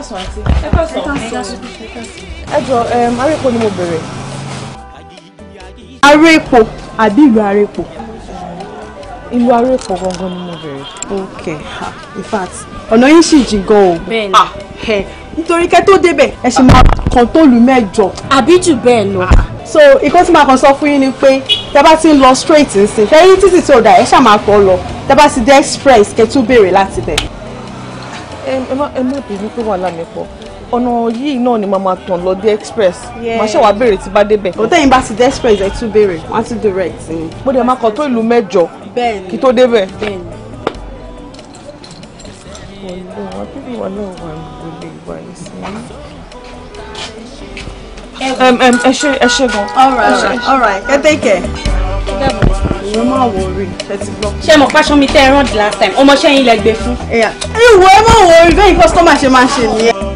káàsán àti ẹ káàsán ẹ káàsán. ẹ jọ arépo ni mo bèrè. arépo àbí ìlú arépo. ìlú arépo gangan ni mo bèrè. ok ha in fact ọ̀nà yín sì jìn gan o. bẹ́ẹ̀ni ah ẹ nítorí kẹ́ tó débẹ̀ ẹ ṣì máa kàn tó lù mẹ́jọ. àbí jù bẹ́ẹ̀ lọ. Ah, so ìkan tí màá kàn sọ fún yín ni pé tẹ bá ti ń lọ straight nsìn fẹ́ẹ́ rí títì tí ò dà ẹ ṣáà máa lọ tẹ ti dé express kẹ́ tún béèrè láti bẹ̀ ẹ má ẹ má bínú pé wàhálà mi pọ̀ ọ̀nà yìí náà ni màá máa tàn lọ dé express màá ṣe wàá béèrè tí bá débẹ̀. òtẹ́ yín bá ti dé express ẹ tún béèrè wọ́n á tún direct ni. mo dẹ̀ máa kàn tó ìlú mẹ́jọ kí tó débẹ̀. bẹ́ẹ̀ni. wọ́n lọ wá bíbí wà náà wà ẹ ṣe ẹ ṣe gan. all right all right ẹ take care ìwé máa wọ orí ẹ ti gbọ́. ṣé mo pàṣọ mi tẹ́ ẹ rán the last time ọmọọṣẹ́ yín lẹ gbé fún. ìwé máa wọ orí bẹ́ẹ̀ ni kọ́sítọ́mà ṣe máa ń ṣe nìyẹn.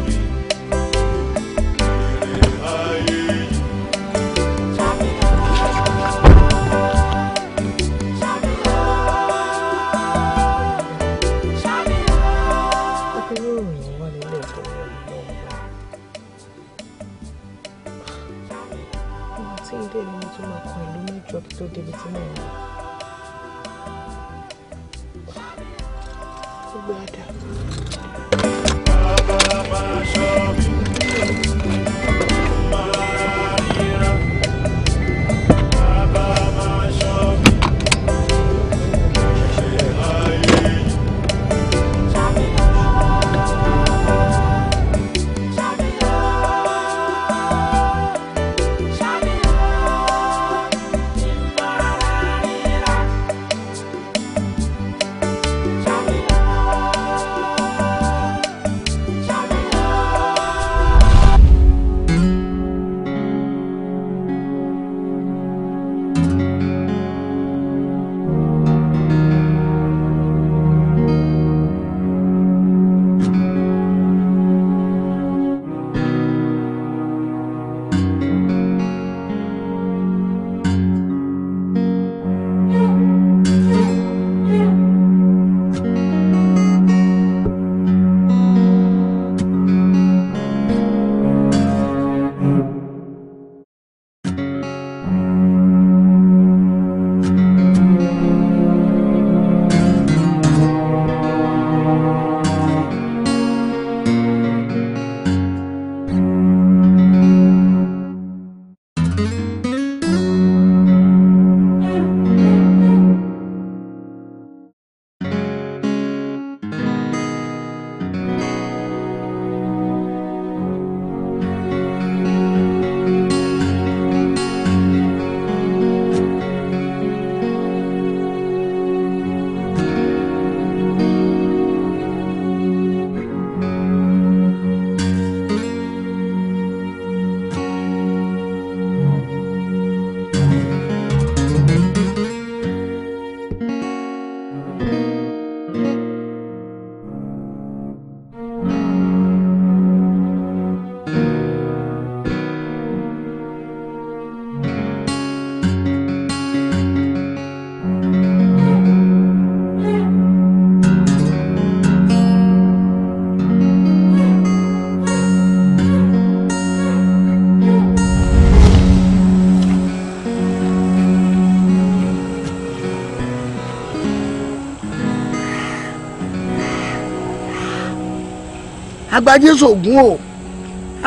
agbájésù ògún o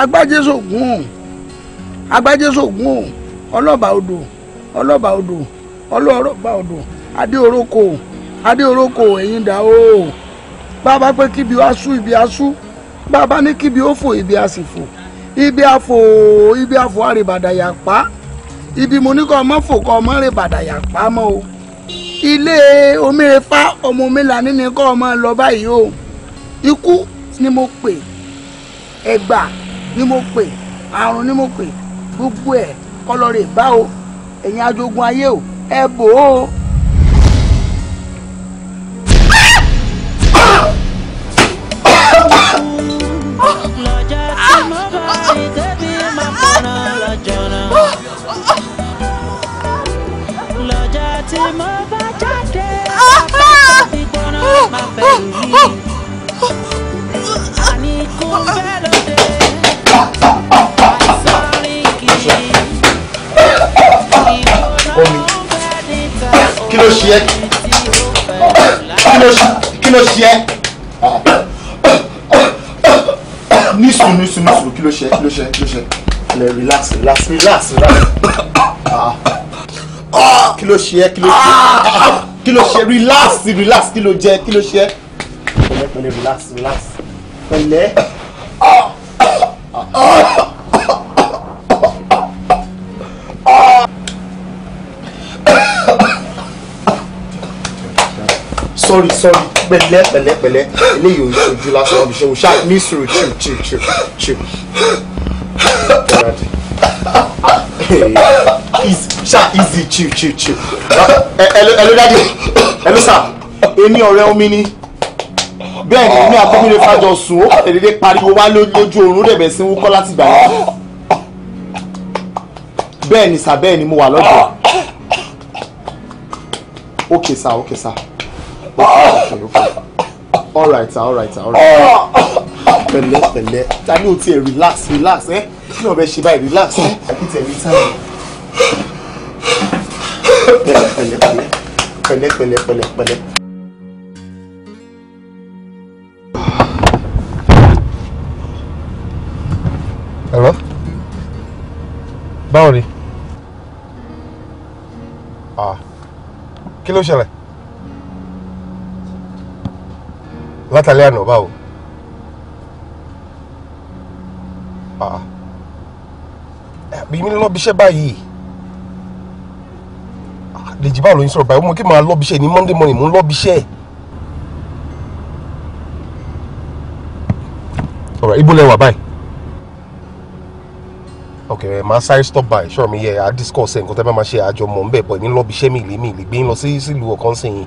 agbájésù ògún o agbájésù ògún o ọlọ́ba odò ọlọ́ba odò ọlọ́ba odò adéoróko adéoróko ẹ̀yìn dà o bàbá pé kíbi wá sú ibi á sú bàbá ní kíbi ó fò ibi á fò ibi á ibi á fò àrèbàdà yà pa ibi mo ní kọ́ ọmọ fò kọ́ ọmọ àrèbàdà yà pa mọ́ o ilé omire fa ọmọ omi lànà ní kọ́ ọmọ lọ báyìí o ikú ni mo pè ẹgbà ni mo pè àrùn ni mo pè gbogbo ẹ̀ kọlọ́rẹ̀ bá o ẹ̀yin ajogun ayé o ẹ bò ó. kí ló ṣe ẹ́ kí ló ṣe ẹ́ ní sùn ní sùn ní sùn kí ló ṣe kí ló ṣe kí ló ṣe relax relax relax relax kí ló ṣe ẹ́ kí ló ṣe kí ló ṣe relax relax kí ló jẹ kí ló ṣe ẹ́ pẹ̀lẹ́ pẹ̀lẹ́ relax relax pẹ̀lẹ́. Ah! sorry sorry pẹ̀lẹ́ pẹ̀lẹ́ pẹ̀lẹ́ eléyìí ò ṣojú lásán ọbìṣẹ o ṣáà ní sùúrù chill chill chill chill. ṣá easy chill chill chill. ẹlò dájú ẹlò sà èmi ọ̀rẹ́ omi ni bẹ́ẹ̀ ni èmi àkọ́mílẹ̀ fàjọ sùn ó kàtẹ́ dédé pariwo wá lójú oorun dẹ̀bẹ̀ sí wúkọ́ láti gbà yẹn. bẹ́ẹ̀ ni sà bẹ́ẹ̀ ni mo wà lọ́dọ̀. okay sir. okay sir. all right all right all right ta ni o ti relax relax ẹ eh? kí ni ọbẹ ṣe báyìí relax ẹ àbí tẹ rí táyà pẹ̀lẹ́ pẹ̀lẹ́ pẹ̀lẹ́ pẹ̀lẹ́ pẹ̀lẹ́ pẹ̀lẹ́. Hello? Báwo ni? Ah, kí ló ṣẹlẹ̀? látàlẹ́ àná báwo. Ah. bí mi lọ́ọ́ bíṣẹ́ báyìí ah, dèjì báwo ló ń sọ̀rọ̀ báyìí mo kí n máa lọ́ọ́ bíṣẹ́ ní monday morning mo ń lọ́ọ́ bíṣẹ́. ọ̀rọ̀ ibo lẹ báyìí. ok ẹ máa sáré stop by ṣọ́ọ̀ mi yẹ à discuss ẹ̀ nǹkan tẹ́ bá máa ṣe àjọmọ̀ ń bẹ̀ bọ̀ ní lọ́ọ́ bíṣẹ́ mi ìlé mi ń lọ sí sílùú ọ̀kan sẹ́yìn.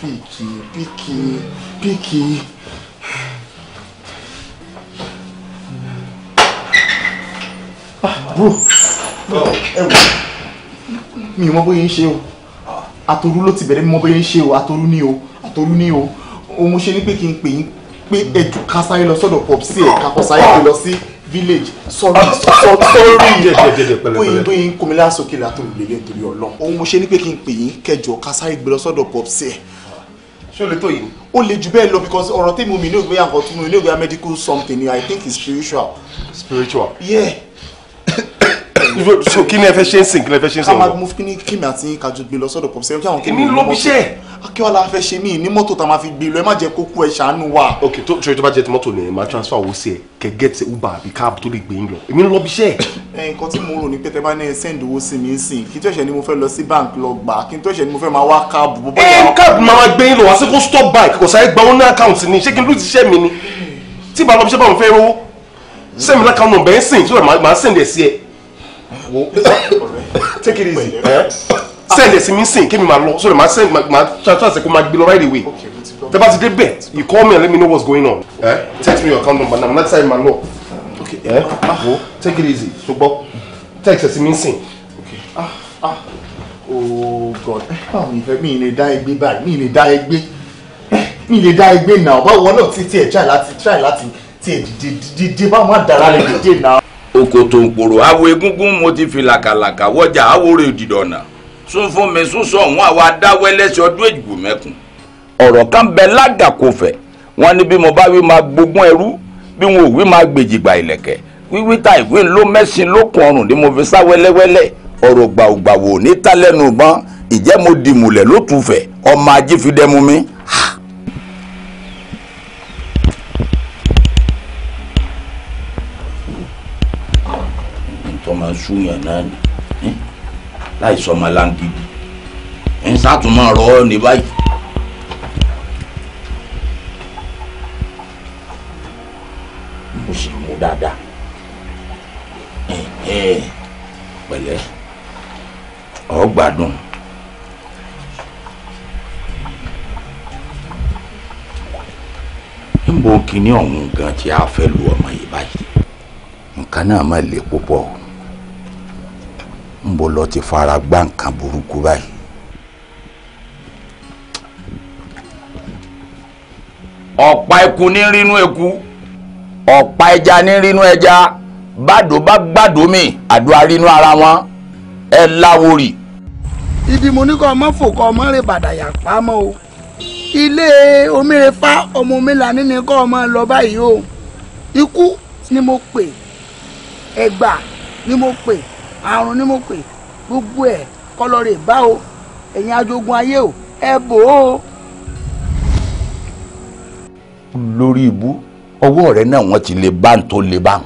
Piki, Piki, Piki. Ah, bro. Oh. Ẹ wò. Mi ò mọ bóyá ń ṣe o. Àtòrú ló ti bẹ̀rẹ̀ mi mọ bóyá ń ṣe o. Àtòrú ni o. Àtòrú ni o. Òun ṣe ni pé kí n pè yín pé ẹ̀dùn ká sáré lọ sọ́dọ̀ pọ̀ sí ẹ̀ ká kọ́ sáré lọ village sorry sorry bóyin bóyin kòmílà sókè látòrú lélẹ̀ torí ọlọ́. Òun mo ṣe ni pé kí n pè yín kẹjọ ká sáré gbé lọ sọ́dọ̀ pọ̀ ṣé o lè tó yìí. ó lè jù bẹ́ẹ̀ lọ because ọ̀rọ̀ tèmi omi ní ògbéyà nǹkan tún mi ní ògbéyà medical something i think is spiritual. spiritual. yeah so kí ni ẹ fẹ́ ṣe ń sìn kí ni ẹ fẹ́ ṣe ń sìn. ká máa mú kí ni kí mi àti kájú gbé lọ sọ́dọ̀ pọ̀pọ̀sẹ̀ kí àwọn kí ni ló bí iṣẹ́. akíọ́lá fẹ́ ṣe mí ní mọ́tò tá a máa fi gbé lọ ẹ má jẹ́ kó kú ẹ ṣàánú wa. ok tó ṣe tó bá jẹ ti mọ́tò nìyẹn máa transfer owó sí ẹ kẹ get uber àbí cab tó lè gbé yín lọ èmi ń lọ bí iṣẹ́. ẹ nǹkan tí mo rò ní pété bá ní ẹ send owó sí mi sìn kí tó ẹ̀ṣẹ̀ ni mo fẹ́ lọ sí bank lọ gbà kí tó ẹ̀ṣẹ̀ ni mo fẹ́ máa wá cab. ẹ cab máa gbé yín lọ wá sí kó stop by kò sáré gba owó ní àkáǹtì ni ṣé kí n lùtì iṣẹ́ mi ni tí ìbálòpọ̀ iṣẹ́ bá wọn fẹ́ rówó sẹ́mi lákàánù bẹ́ẹ̀ sìn tí wọ́n máa sìn dẹ̀ sí ẹ wo take it easy ẹ eh? send ẹ sí mi sìn kí mi máa lọ so that ma send ma transfer kó ma gbé lọ right away tẹ bá ti dé bẹ̀ you call me and let me know what's going on ẹ eh? text me your account number na next time ma lọ ẹ wo take it easy so gbọ́ text ẹ sí mi sìn. Ah, ah. oh god eh, báwo ni ìfẹ́ mi ì lè dá ẹgbẹ́ báyìí mi ì lè dá ẹgbẹ́ mi ì lè dá ẹgbẹ́ náà báwo náà ti tiẹ̀ try láti try láti tiẹ̀ dìde dìde báwo má dára lè dìde náà òkòtò òpòrò awo egúngún mo ti fi làkàlàkà wọjà aworo ìdìdọ̀nà sún fún mi sún sọ òun àwa dáwẹ́ lẹ́sẹ̀ ọdún èjìgbò mẹ́kùn. ọ̀rọ̀ kan bẹ ládàkọ̀fẹ̀ wọn ni bí mo bá wí máa gbógun ẹrú bí wọn ò wí máa gbèjìgbà ìlẹ̀kẹ̀ wíwí ta ìwé ló mẹ́sìn lókun ọrùn ni mo fi sá wẹ́lẹ́wẹ́lẹ́ ọ̀rọ̀ gbàùgbàwò ní tálẹ́nu gbọ́n ìjẹ́ mo dìmùlẹ̀ lótùfẹ̀ ọmọ ajífidẹ́mu mi. tó máa súyàn náà ni láì sọ ọmọ láǹgìdì ń sátúmọ̀ rọ ọ́ ní báyìí. mo sì mú dáadáa pẹ̀lẹ́ ọ̀ gbádùn. níbo kìíní ọ̀hún gan tí a fẹ́ lu ọmọ yìí báyìí nǹkan náà má le púpọ̀ o mo lọ ti fara gbá nǹkan burúkú báyìí. ọ̀pá eku ní rínú eku ọ̀pá ẹja ní rínú ẹja bàdó bá gbàdó mi àdó arínú ara wọn ẹ láworì. ibi mo ní kọ́ ọmọ fò ọmọ rè bàdàyà pamọ́ o ilé omírefá ọmọ omílà nínú kọ́ ọmọ lọ báyìí o ikú ni mo pè ẹgbà ni mo pè àrùn ni mo pè gbogbo ẹ̀ kọlọ́rẹ̀ bá o ẹ̀yin ajogun ayé o ẹ bò ó. lórí ibú ọwọ́ rẹ̀ náà wọ́n ti lè bá ń tó lè bá ń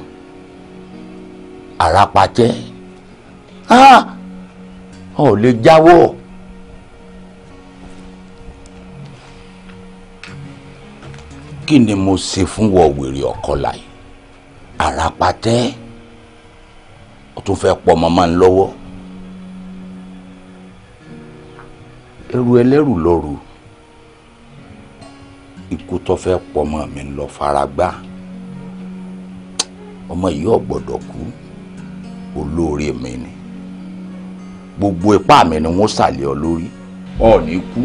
àràpàtẹ́ ọ̀ lè jáwọ́. kí ni mo ṣe fún wọ wèrè ọkọ láì àràpàtẹ́ o tún fẹ́ pọ̀ mọ́mọ́ ń lọ́wọ́ ẹrù ẹlẹ́rù lọ́rù ikú tó fẹ́ pọ̀ mọ́ mi lọ faragbá ọmọ yìí ò gbọ́dọ̀ kú olóore mi ni gbogbo ipá mi ni wọ́n sàlẹ̀ ọ lórí ọ̀ ní kú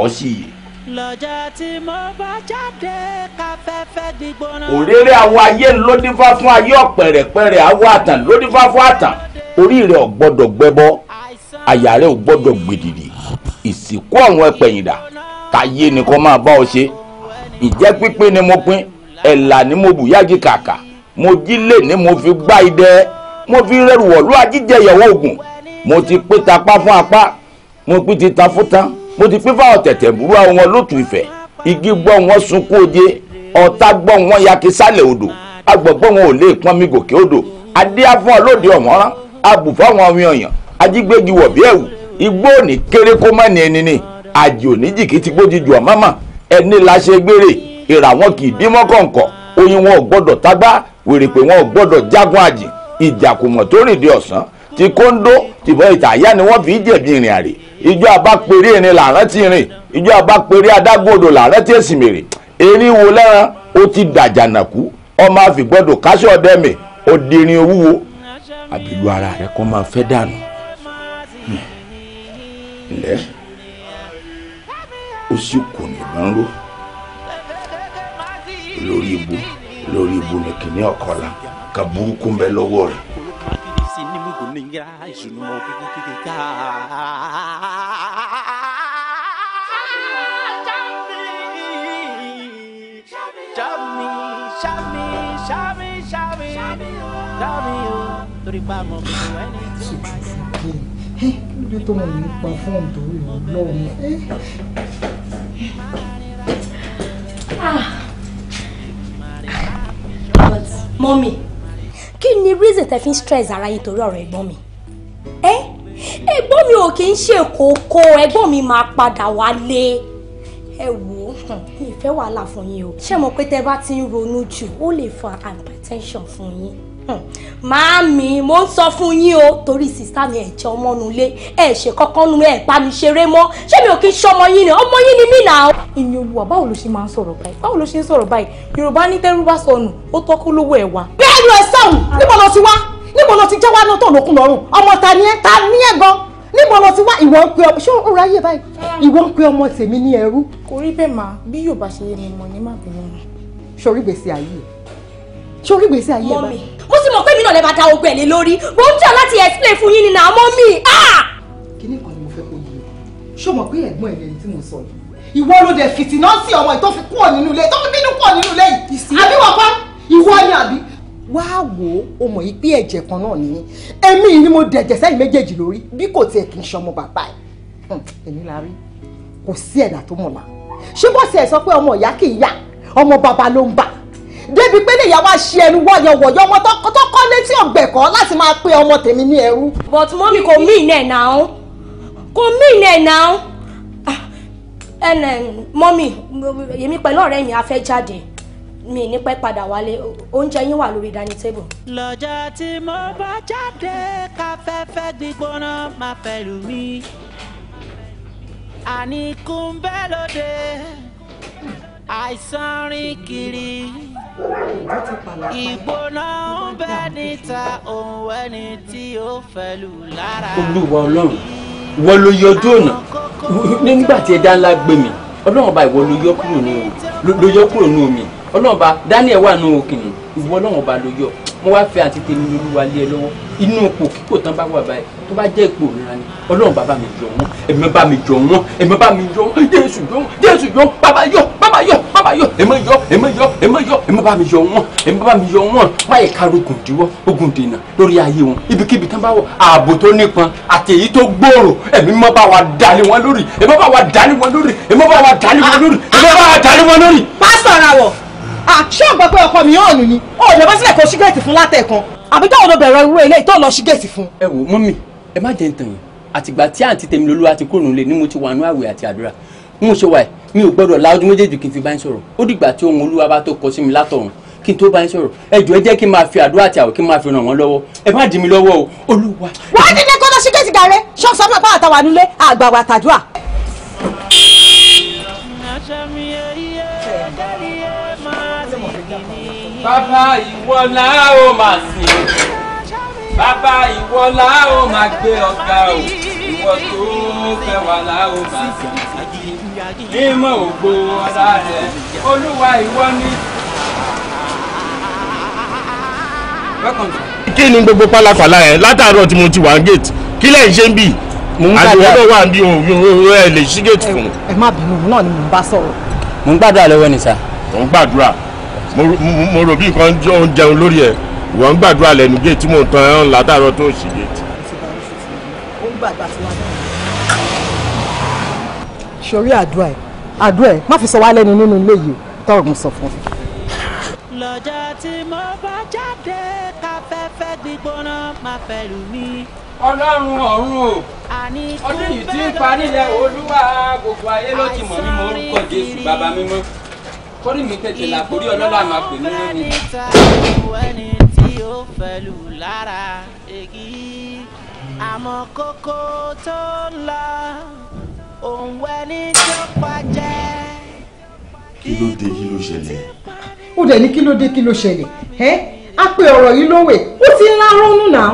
ọ̀ sì yìí lọ́jà tí mo bá jáde káfẹ́fẹ́ dìgbòna. òréré àwọn ayé lódífá fún ayé ọ̀pẹ̀rẹ̀pẹ̀rẹ̀ àwọn àtàn lódífá fún àtàn orí rẹ̀ ò gbọ́dọ̀ àyà rẹ̀ ò gbèdìdì ìsìnkú àwọn ẹ̀pẹ̀yìndà káyé ni máa bá ọ ṣe ìjẹ́ pínpín ni mo pín ẹ̀là ni mo bùyájí kàkà mo jí lè ní mo fi gbá idẹ mo fi rẹrù wọ̀lú ajíjẹ ìyàwó ògùn mo ti pín tapá fún apá mo pín ti ta fún tán mo ti pín fáwọn tẹ̀tẹ̀ burú àwọn wọn lótú ìfẹ́ igi gbọ́ wọn sunkún òde ọ̀tá gbọ́ wọn yaki sálẹ̀ odò agbọ̀gbọ́ wọn ò lè pọ́n mi gòkè odò adéáfọ́n olóde ọ̀mọ́rán abùfọ́ àwọn ọmọ èèyàn ajígbégi wọ̀ bí ẹ̀wù igbó òní kéré kó má ní ẹni ni àjì òní jìkì ti gbójú ju ọ̀mọ́ mà ẹni la ṣe gbére ìrà wọn kì í dímọ́ kọ̀ǹkọ̀ oyin wọn ò gbọ́dọ̀ tagbá wèrèpè wọn ò gbọ́dọ̀ jágun àjì ìjàkùmọ̀ tó rìndé ọ̀sán ti kóńdó tìbọn ìtàyà ni wọ́n fi jẹ̀bi ìrìn àrè ìjọ abápẹ̀rẹ̀ ìrìn làrán ti rìn ìjọ abápẹ̀rẹ̀ adágbòdo làrán ti èsì mèrè erin wo lẹ́ran ó ti dàjànàkú ọmọ àfìgbọ́dọ̀ káṣọ dẹ́mẹ̀ òdìrín owúwo àbílú ara rẹ kọ́ máa fẹ́ dànù hmm. lẹ́ ó sì kò ní ìbọn ró lórí ibu lórí ibu nìkíní ọ̀kọ́lá ka burúkú ń lọ́wọ́ rẹ̀ ningira izuno kikikika Chami, chami, chami, chami, chami, torí pa mọ̀ pé kò ẹni tó bá yẹ. Lójú tó mọ̀ nípa fóònù tó rí lọ́wọ́. Ah. But, mommy kí ni reason tẹ fi ń stress ara yín torí ọ̀rọ̀ ẹ̀gbọ́n mi ẹ ẹ̀gbọ́n mi ò kì í ṣe kókó ẹ̀gbọ́n mi máa padà wálé ẹ wò ó mi ìfẹ́ wàhálà fún yín o ṣé mo pé tẹ bá ti ń ronú jù ó lè fa hypertension fún yín. Hmm. Màámi, mo ń sọ fún yín o, torí sísá mi ẹ̀jẹ̀ ọmọnulé, ẹ̀ ṣe kọ́kọ́ nu ẹ̀ bá mi ṣeré mọ́. Ṣé mi ò kí ń ṣọmọ yín ni? Ọmọ yín ni mí nà. Ìyẹn olùwà báwo ló ṣe máa ń sọ̀rọ̀ báyìí? Báwo ló ṣe ń sọ̀rọ̀ báyìí? Yorùbá ní tẹ́rú bá sọnù, ó tọ́kú lówó ẹ̀ wá. Bẹ́ẹ̀ ni ẹ sọ̀hún, níbo lọ ti wá? Níbo lọ ti jẹ́ wá náà tó lókun lọ́rùn? Ọmọ ta ni ẹ? Ta ni ẹ gan? níbo lọ ti wá ìwọ ń pe ọmọ ṣé ó ráyè báyìí ìwọ ń pe ọmọ tèmi ní ẹrú. kò rí bẹ́ẹ̀ máa bí yóò bá ṣe yé mi mọ̀ ní má bínú. sórí gbèsè ayé sórí gbèsè ayé báyìí mo sì mọ̀ pé mi náà lè máa da ogun ẹ̀ lórí mo ń tẹ̀ láti explain fún yín nínú àmọ́ mi. Ah! kíní kan ni mo fẹ́ kó yé o ṣó mọ̀ pé ẹ̀gbọ́n ẹ̀ lẹ́ni tí mo sọ yìí ìwọ ló dé fìtínà sí ọmọ yìí tó fi kúrò nínú ilé tó fi bínú kúrò nínú ilé yìí àbí wọ́n pa ìwọ ni àbí. wá wo o yìí pé ẹ̀jẹ̀ kan náà ni èmi ni mo dẹ̀jẹ̀ sẹ́yìn méjèèjì lórí bí kò tiẹ̀ kì í ṣọmọ bàbá ẹ̀ èmi la rí kò sí ẹ̀dà tó mọ̀ la ṣé bọ́sẹ̀ sọ pé ọmọ ìyá kì í yá ọmọ bàbá ló ń bà débi pé lèyà wá ṣe ẹnu wọ̀yọ̀ wọ̀yọ̀ ọmọ tó kọ́ létí ọ̀gbẹ̀kọ́ láti máa pe ọmọ tèmi ní ẹrú. but mọ́mí kò mí ìnẹ̀ náà kò mí ìnẹ̀ náà mọ́mí èmi pẹ̀lú ọ̀rẹ́ mi a fẹ́ jáde mi ní pẹ́ padà wálé oúnjẹ yín wà lórí dining table. lọ́jà tí mo bá jáde káfẹ́fẹ́ gbígbóná máa fẹ́ lù mí àníkùn bẹ́ẹ̀ lóde àìsàn rìn kiri ìgbóná ń bẹ níta òun ẹni tí ó fẹlú lára. olúwa ọlọ́run ìwọ ló yọ ojú ọ̀nà nígbà tí ẹ̀dá ńlá gbé mi ọlọ́run ọba ìwọ ló yọ kúrò ní omi ló yọ kúrò ní omi ọlọ́run ọba ní ìwọ ọlọ́run ọba ló yọ mo wá fẹ́ àti tèmi lolúwa lé ẹ lọ́wọ́ inú ipò kíkò tán bá wà báyìí tó bá jẹ́ ipò òmìnira ni ọlọ́run bàbá mi jọ wọ́n ẹ̀mí bá mi jọ wọ́n ẹ̀mí bá mi jọ wọ́n jésù jọ wọ́n jésù jọ wọ́n bàbá yọ bàbá yọ bàbá yọ ẹ̀mí yọ ẹ̀mí yọ ẹ̀mí yọ ẹ̀mí bá mi jọ wọ́n ẹ̀mí bá mi jọ wọ́n báyìí ká rogun diwọ́ ogun dènà lórí ayé wọn ibikíbi tán bá wọ ààbò tó nípọn àti èyí tó gbòòrò ẹ̀mí mọ́ bá wa dalẹ̀ wọn lórí ẹ̀mí bá wa dalẹ̀ wọn lórí ẹ̀mí bá wa dalẹ̀ wọn lórí ẹ̀mí bá wa dalẹ̀ wọn lórí. pásítọ̀ ra wọ̀ Ah, ṣé o gbọ́ pé ọkọ mi yóò nù ni o ò lè bá sílẹ̀ kó ṣí géètì fún látẹ̀kan àbí táwọn ọ̀dọ́bẹ̀rẹ̀ irú ilé tó lọ ṣí géètì fún. ẹ wo mọ́mì ẹ má jẹ́ ń tàn yín àtìgbà tí àǹtí tèmi lolú àti kúrò nílé ni mo ti wà ní àwẹ̀ àti àdúrà mo ṣe wà mi ò gbọ́dọ̀ la ọdún méjèèjì kí n fi bá yín sọ̀rọ̀ ó dìgbà tí ohun olúwa bá tó kọ sí mi látọ̀run kí n tó bá yín sọ̀rọ̀ ẹ jọ̀ọ́ ẹ jẹ́ kí n máa fi àdúrà àti àwẹ̀ kí n máa fi ràn wọ́n lọ́wọ́ ẹ má dì mí lọ́wọ́ o olúwa. wàá dín ní kó lọ sí géètì gàrẹ́ ṣọ́ọ̀ṣọ́ mọ̀ pàtàwà nílé àgbàwà tàdúrà. bàbá ìwọ la ó máa sìn bàbá ìwọ la ó máa gbé ọ̀gá o ìwọ tó fẹ́ wà la ó máa sìn mímọ́ ògbó ọlá rẹ̀ olúwa ìwọ ni. kí ni gbogbo pálapàla yẹn látàárọ̀ tí mo ti wà ń kí lẹ́yìn ṣe ń bì àdìwọ́dọ̀ wà ń bí ẹ̀ lè ṣí gate fún. ẹ má bínú náà ni mò ń bá sọ̀rọ̀. mò ń gbàdúrà lọ́wọ́ ni sá. mò ń gbàdúrà mo rò bí nǹkan jẹun lórí ẹ̀ wọ́n gbàdúrà lẹ́nu géètì mò ń tan ẹran látàárọ̀ tó ṣì géètì. sori àdúrà ẹ àdúrà ẹ má fi sọ wá lẹ́nu nínú ilé yìí tọrùn sọ fún lọ́jà tí mo bá jáde káfẹ́fẹ́ gbígbóná máa fẹ́lú mi. ọlọ́run ọ̀run o ọdún yìí ti ń parí ilẹ̀ olúwa gbogbo ayé ló ti mọ̀ mímọ́ orúkọ jésù bàbá mímọ́ torí mi tètè làkórí ọlọ́lá máa pè mí lónìí. ẹni tí ó fẹ̀lú lára èyí àmọ́ kókó tó ń lọ òun wẹni tó pa jẹ́. kí ló dé kí ló ṣẹlẹ̀. ó dẹ̀ ní kí ló dé kí ló ṣẹlẹ̀ ẹ́ á pe ọ̀rọ̀ yìí lówè ó ti ń lá rónú náà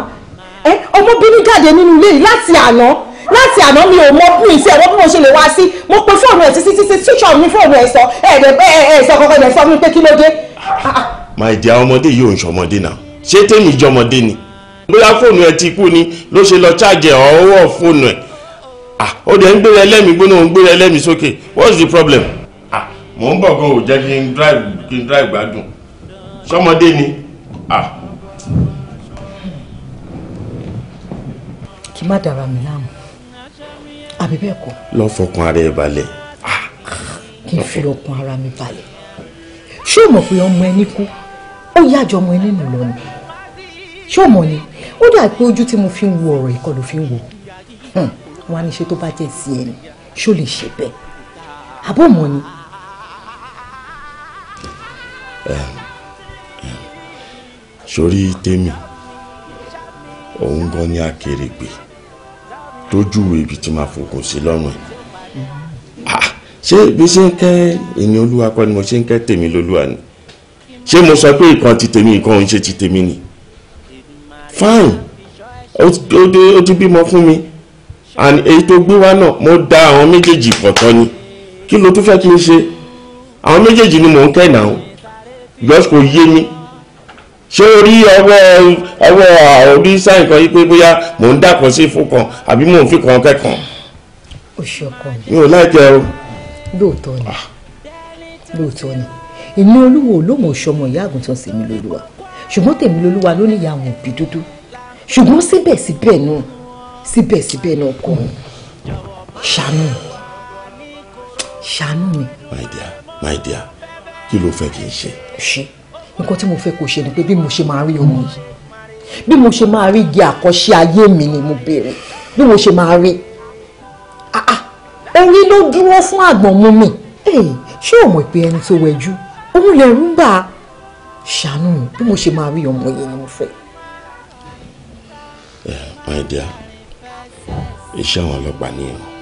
ọmọbìnrin jáde nínú ilé yìí láti àná láti àná mi ò mọ mi ìfẹ́ ọ̀rọ̀ bí mo ṣe lè wá sí mo pe fóònù ẹ̀ títí títí tíṣọ̀ mi fóònù ẹ̀ sọ ẹ̀ sọ kọ́kọ́ ẹ̀ sọ mi pé kí ló dé. my dear ọmọdé yìí ò ń ṣọmọdé náà ṣé tèmi jọmọdé ni bóyá fóònù ẹ ti kú ni ló ṣe lọ ṣáàjẹ ọwọ́ fóònù ẹ ó dẹ̀ ń gbére ẹlẹ́mìí gbóná ń gbére ẹlẹ́mìí sókè what's the problem. mò ń bọ̀ gan ò jẹ́ kí n drive kí drive gbádùn ṣọmọdé ni. kí má dàra mi láàmú àbí bẹ́ẹ̀ kọ́. lọ fọkàn ara ẹ balẹ̀. Ah, kí n fi ọkàn ara mi balẹ̀ ṣé o mọ̀ pé ọmọ ẹni kú ó yájọ ọmọ ẹni nù lọ ni ṣé o mọ̀ ni ó dà pé ojú tí mo fi ń wo ọ̀rọ̀ ìkọ ló fi ń wo hmm, wọn á ní ṣe tó bá jẹ́ sí ẹni ṣó lè ṣe bẹ́ẹ̀ àbọ̀ mọ̀ ni. sórí tèmi òun gan ni akèrègbè tó júwe ibi tí máa fòkùn sí lọ́rùn ẹ̀ ṣé bí ṣe ń kẹ́ ẹni olúwa kọ́ ni mo ṣe ń kẹ́ tèmi lolúwa ni ṣé mo sọ pé ìkan ti tèmi ìkan òun ṣe ti tèmi ni fine ó ti bímọ fún mi and èyí tó gbé wá náà mo da àwọn méjèèjì pọ̀tọ́ ni kí ló tún fẹ́ kí n ṣe àwọn méjèèjì ni mò ń kẹ́ náà just kò yé mi ṣé o rí ọwọ́ ọwọ́ àórí sáyìn kan yí pé bóyá mò ń dàpọ̀ sí fún kan àbí mò ń fi kan kẹ́kàn. oṣù ọkọ ni. mi ò láìjẹ o. lóòótọ́ ni ah. lóòótọ́ ni èmi olúwo ló mọ̀ ṣọmọ ìyá àgùntàn sí mi lóluwa ṣùgbọ́n tèmi lóluwa ló ní ìyá àwọn òbí dúdú ṣùgbọ́n síbẹ̀síbẹ̀ náà síbẹ̀síbẹ̀ náà kọ́ mi ṣàánú mi ṣàánú mi. my dear my dear kí ló fẹ́ kí n ṣe. ṣe nǹkan tí mo fẹ́ kó ṣe ni pé bí mo ṣe máa rí omi yìí bí mo ṣe máa rí igi àkọ́ṣe ayé mi ni mo béèrè bí mo ṣe máa rí ah, ah, orí ló dúró fún àgbọ̀n mú mi eh, ṣé o mọ̀ pé ẹni tó wẹjú òun lè rú bá a ṣàánú mi bí mo ṣe máa rí ọmọ yìí ni mo fẹ́. ẹ eh, my dear iṣẹ́ àwọn ọlọ́pàá nìyẹn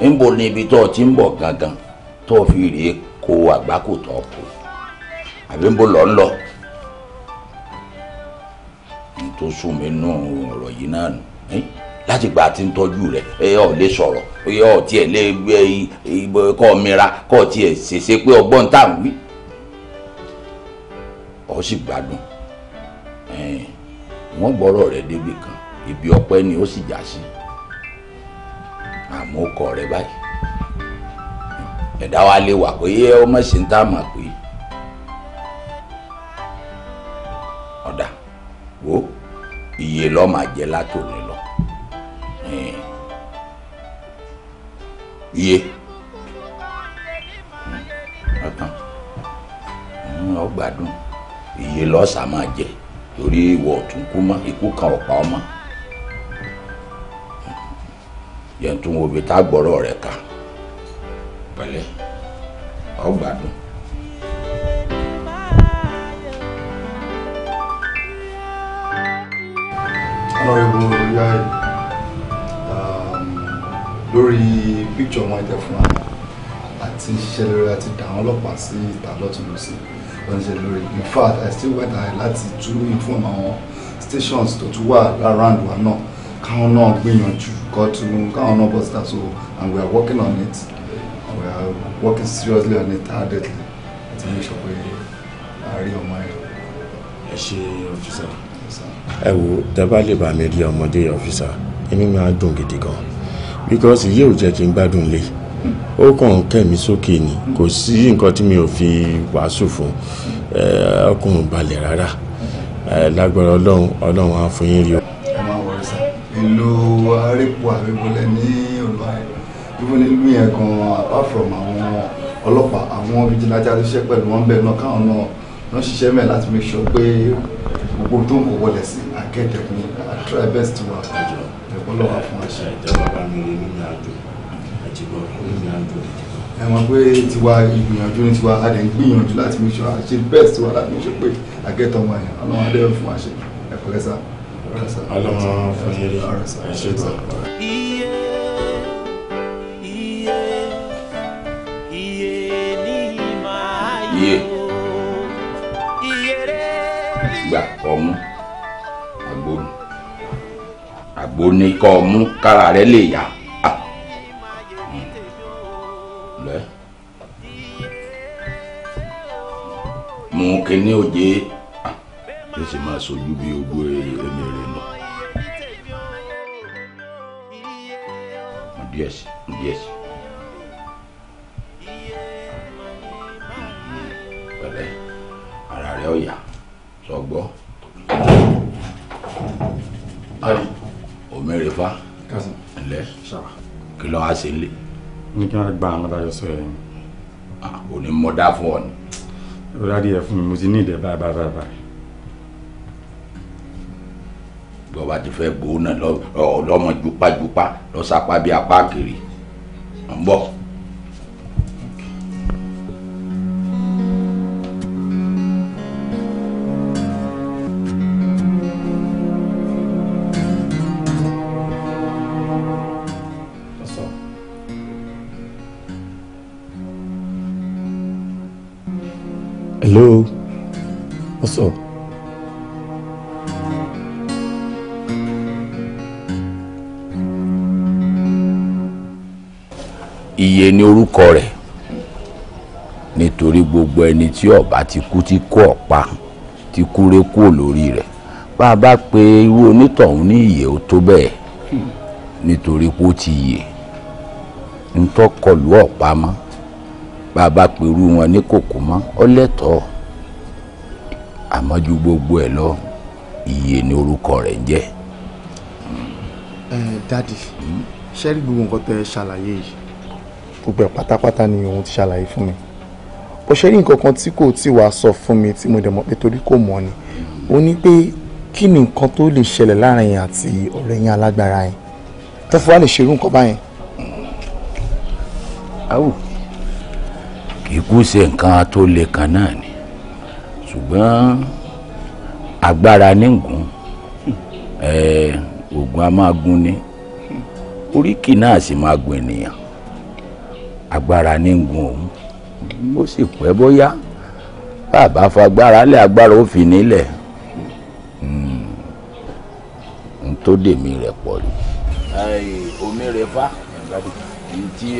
ń bọ̀ níbi tó ti ń bọ̀ gangan tó fi rie kó àgbákò tó kù àbí ń lọ tó sùn mí ọ̀rọ̀ yìí náà nù láti gbà tí ń tọ́jú rẹ̀ ẹ ọ̀ lè sọ̀rọ̀ ẹ ọ̀ tiẹ̀ lè kọ́ mira kọ́ tiẹ̀ ṣèṣe pé ọgbọ́n tá ń wí ọ sì gbádùn wọ́n gbọ́rọ̀ rẹ̀ kan ibi ọpẹ́ ni ó sì já máa mú ọkọ rẹ báyìí ẹ̀dá wa lè wà pé ọmọ ṣì ń tà mà pé ọ̀dà wo iye lọ́ máa jẹ látòní lọ iye hmm, ọ̀tàn hmm, ọgbàdùn iye lọ́sàá máa jẹ torí ìwọ ọ̀tún kú mọ́ ikú kan ọ̀pá ọmọ yẹn tún wo ibi tá a gbọ́rọ̀ rẹ̀ kà pẹ̀lẹ́ ọ gbádùn. ọlọ́run ìyá ẹ̀ lórí píkṣọ̀ wọn jẹ fún wa àti ṣiṣẹ́ lórí àti dà ọlọ́pàá sí ìta lọ́tùnúsí wọ́n ṣe lórí in fact i still went ahead láti tún inform àwọn stations tó tún wà around wa náà káwọn náà gbìyànjú courtroom káwọn náà bọ́ that. so and we are working on it we are working seriously on it hardly to make sure pé a rí ọmọ yẹn. ẹ ṣe ọfíìsà. ẹ wo dábàá lè bá mi rí ọmọdé ọfíìsà inú mi á dùn gidi gan because iye ò jẹ́ kí n gbádùn lé ó kàn kẹ́mi sókè ni kò sí nǹkan tí mi ò fi wàásù fún ọkùnrin balẹ̀ rárá lágbára ọlọ́run ọlọ́run á fún yín rí o ìlú arẹ́pù àrẹ́bọlẹ̀ ní ọ̀nà ìwọ́n nílùú yẹn gan apart from àwọn ọlọ́pàá àwọn vigilante aṣiṣẹ́ pẹ̀lú wọn bẹ́ẹ̀ náà káwọn náà náà ṣiṣẹ́ mẹ́ láti make sure pé gbogbo tó ń kó wọlé sí akẹ́kẹ̀ẹ́ ní try best to work àjọ ẹ̀kọ́ lọ́wọ́ fún àṣẹ. ìjọba bá mi rí nínú àjò àjẹgbọ́ nínú àjò àjẹgbọ́. ẹ mọ̀ pé tiwa ìgbìyànjú ni tiwa a lè ń gbìyànjú láti make sure àṣẹ best wa láti make sure pé akẹ́tọ̀ wọn yẹn ọlọ́wọ́n adé fún àṣẹ ẹ̀kọ́ lẹ́sà alọ́mọ fún yín rí ẹ ṣe tán. iye iye iye ní máa yọ iye rẹ. gbà ọmú àgbo àgbo ni kọ́ ọmú kára rẹ lè yá. mú kínní òjé ẹ sì máa sojú bí ogbó ẹni rẹ nà. díẹ̀ sí díẹ̀ sí. pẹ̀lẹ́ ara rẹ̀ ọ̀yà sọ gbọ́. ayi omere fa ǹlẹ́ kí ló wá sí ilé. ní kí wọ́n gba àwọn adájọ́ sọ yẹn. òní mọ́dá fún ọ ni. ìrora díẹ̀ fún mi mo ti ní ìdẹ̀ báyìí báyìí báyìí. tó bá ti fẹ́ gbóná lọ́mọ jupájupá lọ́sàpá bíi apá kiri ń bọ̀. orúkọ rẹ̀ nítorí gbogbo ẹni tí ọba ti kú tí kú ọ̀pá ti kúré kúò lórí rẹ̀ bá a bá pe irú onítọ̀hún ní ìyè ó tó bẹ́ẹ̀ nítorí pé ó ti yè ntọ́kọlù ọ̀pá mọ́ bá a bá pe irú wọn ní kòkó mọ́ ọ lẹ́tọ̀ọ́ àmọ́ ju gbogbo ẹ̀ lọ ìyè ni orúkọ rẹ̀ ń jẹ́. ẹ dadi hmm? ṣẹ́rí gbogbo nǹkan tẹ ṣàlàyé yìí gbogbo ẹ̀ pátápátá ni òun ti ṣàlàyé fún mi bó ṣe rí nǹkan kan tí kò tí wàá sọ fún mi tí mo dẹ̀ mọ̀ pé torí kò mọ̀ ni ó ní pé kí ni nǹkan tó lè ṣẹlẹ̀ láàrin yẹn àti ọ̀rẹ́ yẹn alágbára yẹn tó fi lè ṣerú nǹkan báyẹn. awo ikú ṣe nǹkan tó le kan náà ni ṣùgbọ́n agbára ní gùn oògùn a máa gún ni oríkì náà sì máa gùn ènìyàn agbára ní gun òun mo sì pẹ́ bóyá bàbá fagbára lé agbára ó nílẹ̀ hmm. n tó rẹ̀ pọ̀ rí.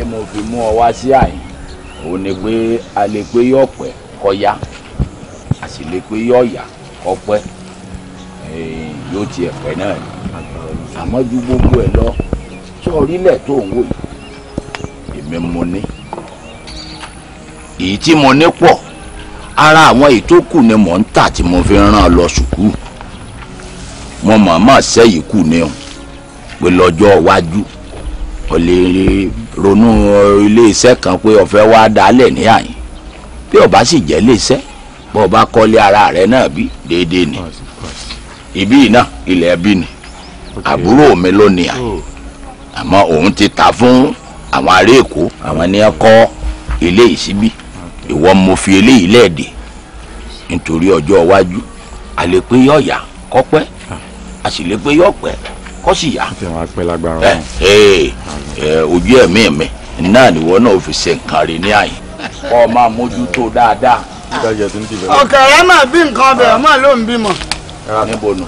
omi mú ọ sí àyìn ò ní pé a lè pé pẹ ya a sì lè pé yọ̀ yà kọ́ yóò ti èyí tí mo ní pọ̀ ara àwọn ìtókù ni mò ń tà tí mo fi rán lọ sùkú mo màmá sẹ́yìí kù ni o pé lọ́jọ́ iwájú o lè ronú iléeṣẹ́ kan pé o fẹ́ wá ní àyín bí o sì jẹ́ iléeṣẹ́ bó o bá kọ́lé ara rẹ náà bí déédéé ni ibí náà ilẹ̀ bí ni àbúrò mi ló ní à oh. àmọ́ òun ti ta fún àwọn ará èkó àwọn ni ẹ kọ́ ilé ìsíbí. Si ìwọ mo fi eléyìí lẹ́ẹ̀dì nítorí ọjọ́ iwájú àlè pé yọ yà kọ́ pẹ́ a sì lè pé yọ pẹ́ kọ́ sì yà. ẹ ẹ ojú ẹ̀mí mi náà nìwọ náà ò fi ṣe nǹkan rí ní àyè kọ́ ọ máa mójútó dáadáa. ọ̀kẹ́ ẹ máa bí nǹkan ọbẹ̀ ọmọ ló ń bímọ. níbo nù.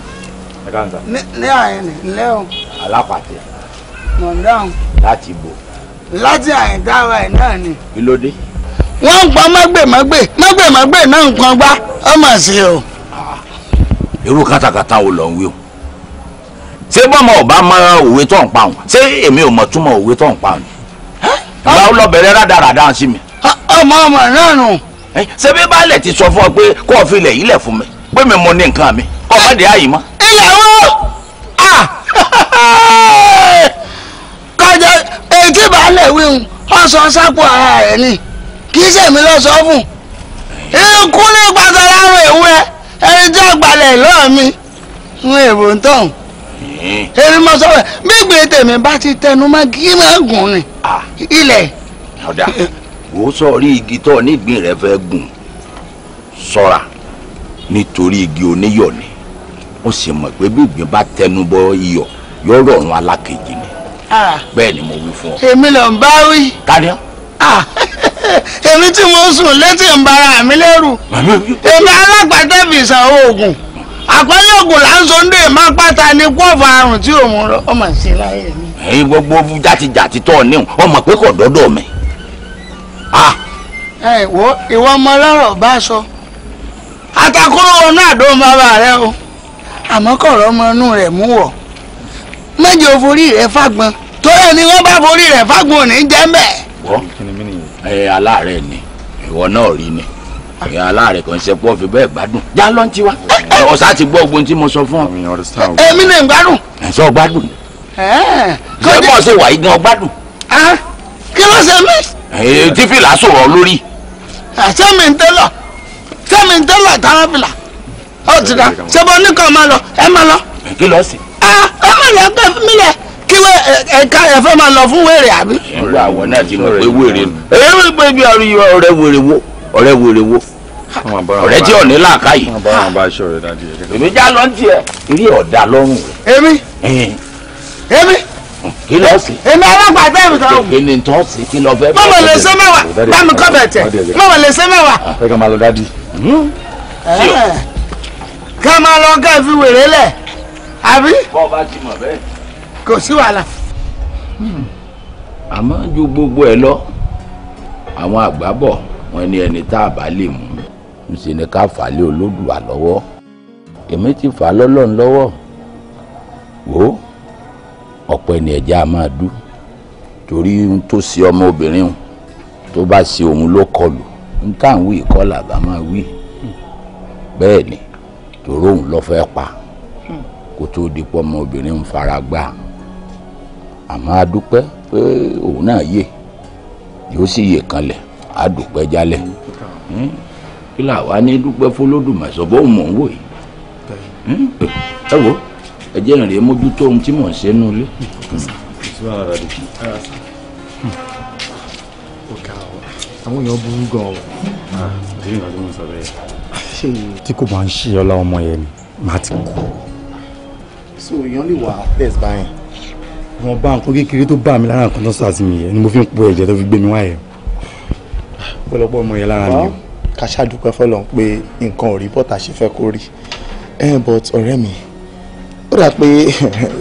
ní àyẹn ní ilé o. alápàtẹ. mọ̀ láti bò. láti àyẹ̀dáwà ẹ̀ náà ni. kí ló dé wọ́n ń pọn mọ́gbèmọ́gbè mọ́gbèmọ́gbè náà ń pọn gbá ọmọ sí o. irú kátàkátà wo lọ ń wí o ṣé bọ́mọ ọba máa òwe tó ń pa òun ṣé èmi ò mọ̀ túmọ̀ òwe tó ń pa òun ìgbà ó lọ bẹ̀rẹ̀ rádaràdà sí mi. ọmọ ọmọ náà nù. ṣé bí baálẹ̀ ti sọ fún ọ pé kó o fi ilẹ̀ yìí lẹ̀ fún mi pé mi mo ní nǹkan mi kó o má dé àyè mọ́. ilẹ̀ wo kọjá èyí tí wí ń ọ̀sán sápò ara rẹ̀ ni. kì í lọ sọ fún kú ní pàtó láwọn èwe ẹni tí àgbàlẹ̀ mi ń èbò ń tọ̀hún hmm. èmi mọ sọ tèmi bá ti tẹnu mọ́ kí máa gùn ni ilẹ̀. ọ̀dà rẹ fẹ́ gùn nítorí igi oníyọ̀ ni ó sì mọ̀ pé bí ìgbín bá tẹnu bọ iyọ̀ ni bẹ́ẹ̀ ni mo fún ọ. èmi èmi tí mo sùn létí ń bara mi lẹ́rù èmi alágbàtẹ́bì ìsàn oògùn àpẹẹrẹ oògùn là ń sọdún èèmọ pátá ní kóòfù àrùn tí òun rọ ọmọ sí láyé mi. ẹyin gbogbo játijàti ọmọ ọmọ bá sọ ọ̀nà bàbá rẹ o àmọ́ kọ̀rọ̀ rẹ̀ mú wọ̀ mẹ́jọ forí rẹ̀ tó yẹ ni wọ́n bá forí rẹ̀ ò ní jẹ́ ẹ aláàárẹ̀ ni ìwọ náà rí ni ìyá aláàárẹ̀ kan ṣe pọ́ fi bẹ́ẹ̀ gbádùn já lọ ti wá ọ̀sá ti gbọ́ ogun tí mo sọ fún ọ. èmi náà ń gbádùn. ẹ sọ gbádùn. ṣé bọ́ọ̀ ṣe wà igan gbádùn. kí ló ṣe mí. tí fìlà sọ̀rọ̀ lórí. ṣé mi ń tẹ́lọ̀ ṣé mi ń tẹ́lọ̀ táwọn fìlà ó ti dá ṣé bọ́ ní kàn máa lọ ẹ máa lọ. kí lọ sí. ẹ máa lọ pẹ́ fún mi lẹ̀ kí wẹ́ ẹ̀ka ẹ̀fẹ́ máa lọ fún wèrè àbí. ìwà àwọn náà ti mọ pé wèrè nù. èyí wọ́n pè bí ọ̀rẹ́ wèrè wo ọ̀rẹ́ wèrè wo ọ̀rẹ́ tí ò ní làákà yìí. èmi já lọ ń tiẹ̀ ilé ọ̀dà lọ́rùn rẹ̀. èmi èmi kí lọ sí. èmi ọlọ́pàá bẹ́ẹ̀ mi sọ̀rọ̀. kí ni tó sí kí lọ bẹ́ẹ̀. mọ̀mọ̀ lè ṣe mẹ́wàá bá kọ́ bẹ̀ tẹ̀ mọ̀mọ̀ lè ṣe mẹ́wàá. Ah, ẹ máa lọ dádì. Hmm? ká máa lọ ká fi wèrè lẹ̀ àbí. bọ́ọ̀ bá ti mọ̀ bẹ́ẹ̀ kò sí wàhálà. àmọ́ hmm. ju gbogbo ẹ lọ àwọn àgbà bọ̀ wọ́n ní ẹni tá a bá lè mú un ṣe ni ká fà á lé Olódùà lọ́wọ́ èmi ti fà á lọ́lọ́run lọ́wọ́ wò ó ọ̀pọ̀ ẹni ẹ̀já a máa dú torí ohun tó ṣe ọmọbìnrin o tó bá ṣe òun ló kọlù ń tà ń wí ìkọlà bá máa wí bẹ́ẹ̀ ni tòró òun ló fẹ́ pa hmm. kó tóó di pọ́ ọmọbìnrin ń fara gbá a àmọ́ a dúpẹ́ pé òun náà yè yóò sì yè kanlẹ̀ a dúpẹ́ jálẹ̀ hmm? kí là wá ní dúpẹ́ fọlọ́dùmọ̀sọ bó mọ̀ ń wò yìí hmm? ẹ wo ẹ jẹ́ ìrìn mójútó ohun tí mò ń ṣe nú ilé. Hmm. àwọn èèyàn burú gan-an. Ah, tí kò bá ń ṣe ọlá ọmọ yẹn ni màá ti kú. so èèyàn lè wà place báyìí wọn bá nǹkan kékeré tó bá mi lára nǹkan tó sàtì mi yẹn ni mo fi ń po ẹ̀jẹ̀ tó fi gbé mi wá yẹn ọmọ yẹn lára mi. ká ṣàdúpẹ́ fọlọ́n pé nǹkan ò rí bọ́tà ṣe fẹ́ kó rí eh, but ọ̀rẹ́ mi ó dà pé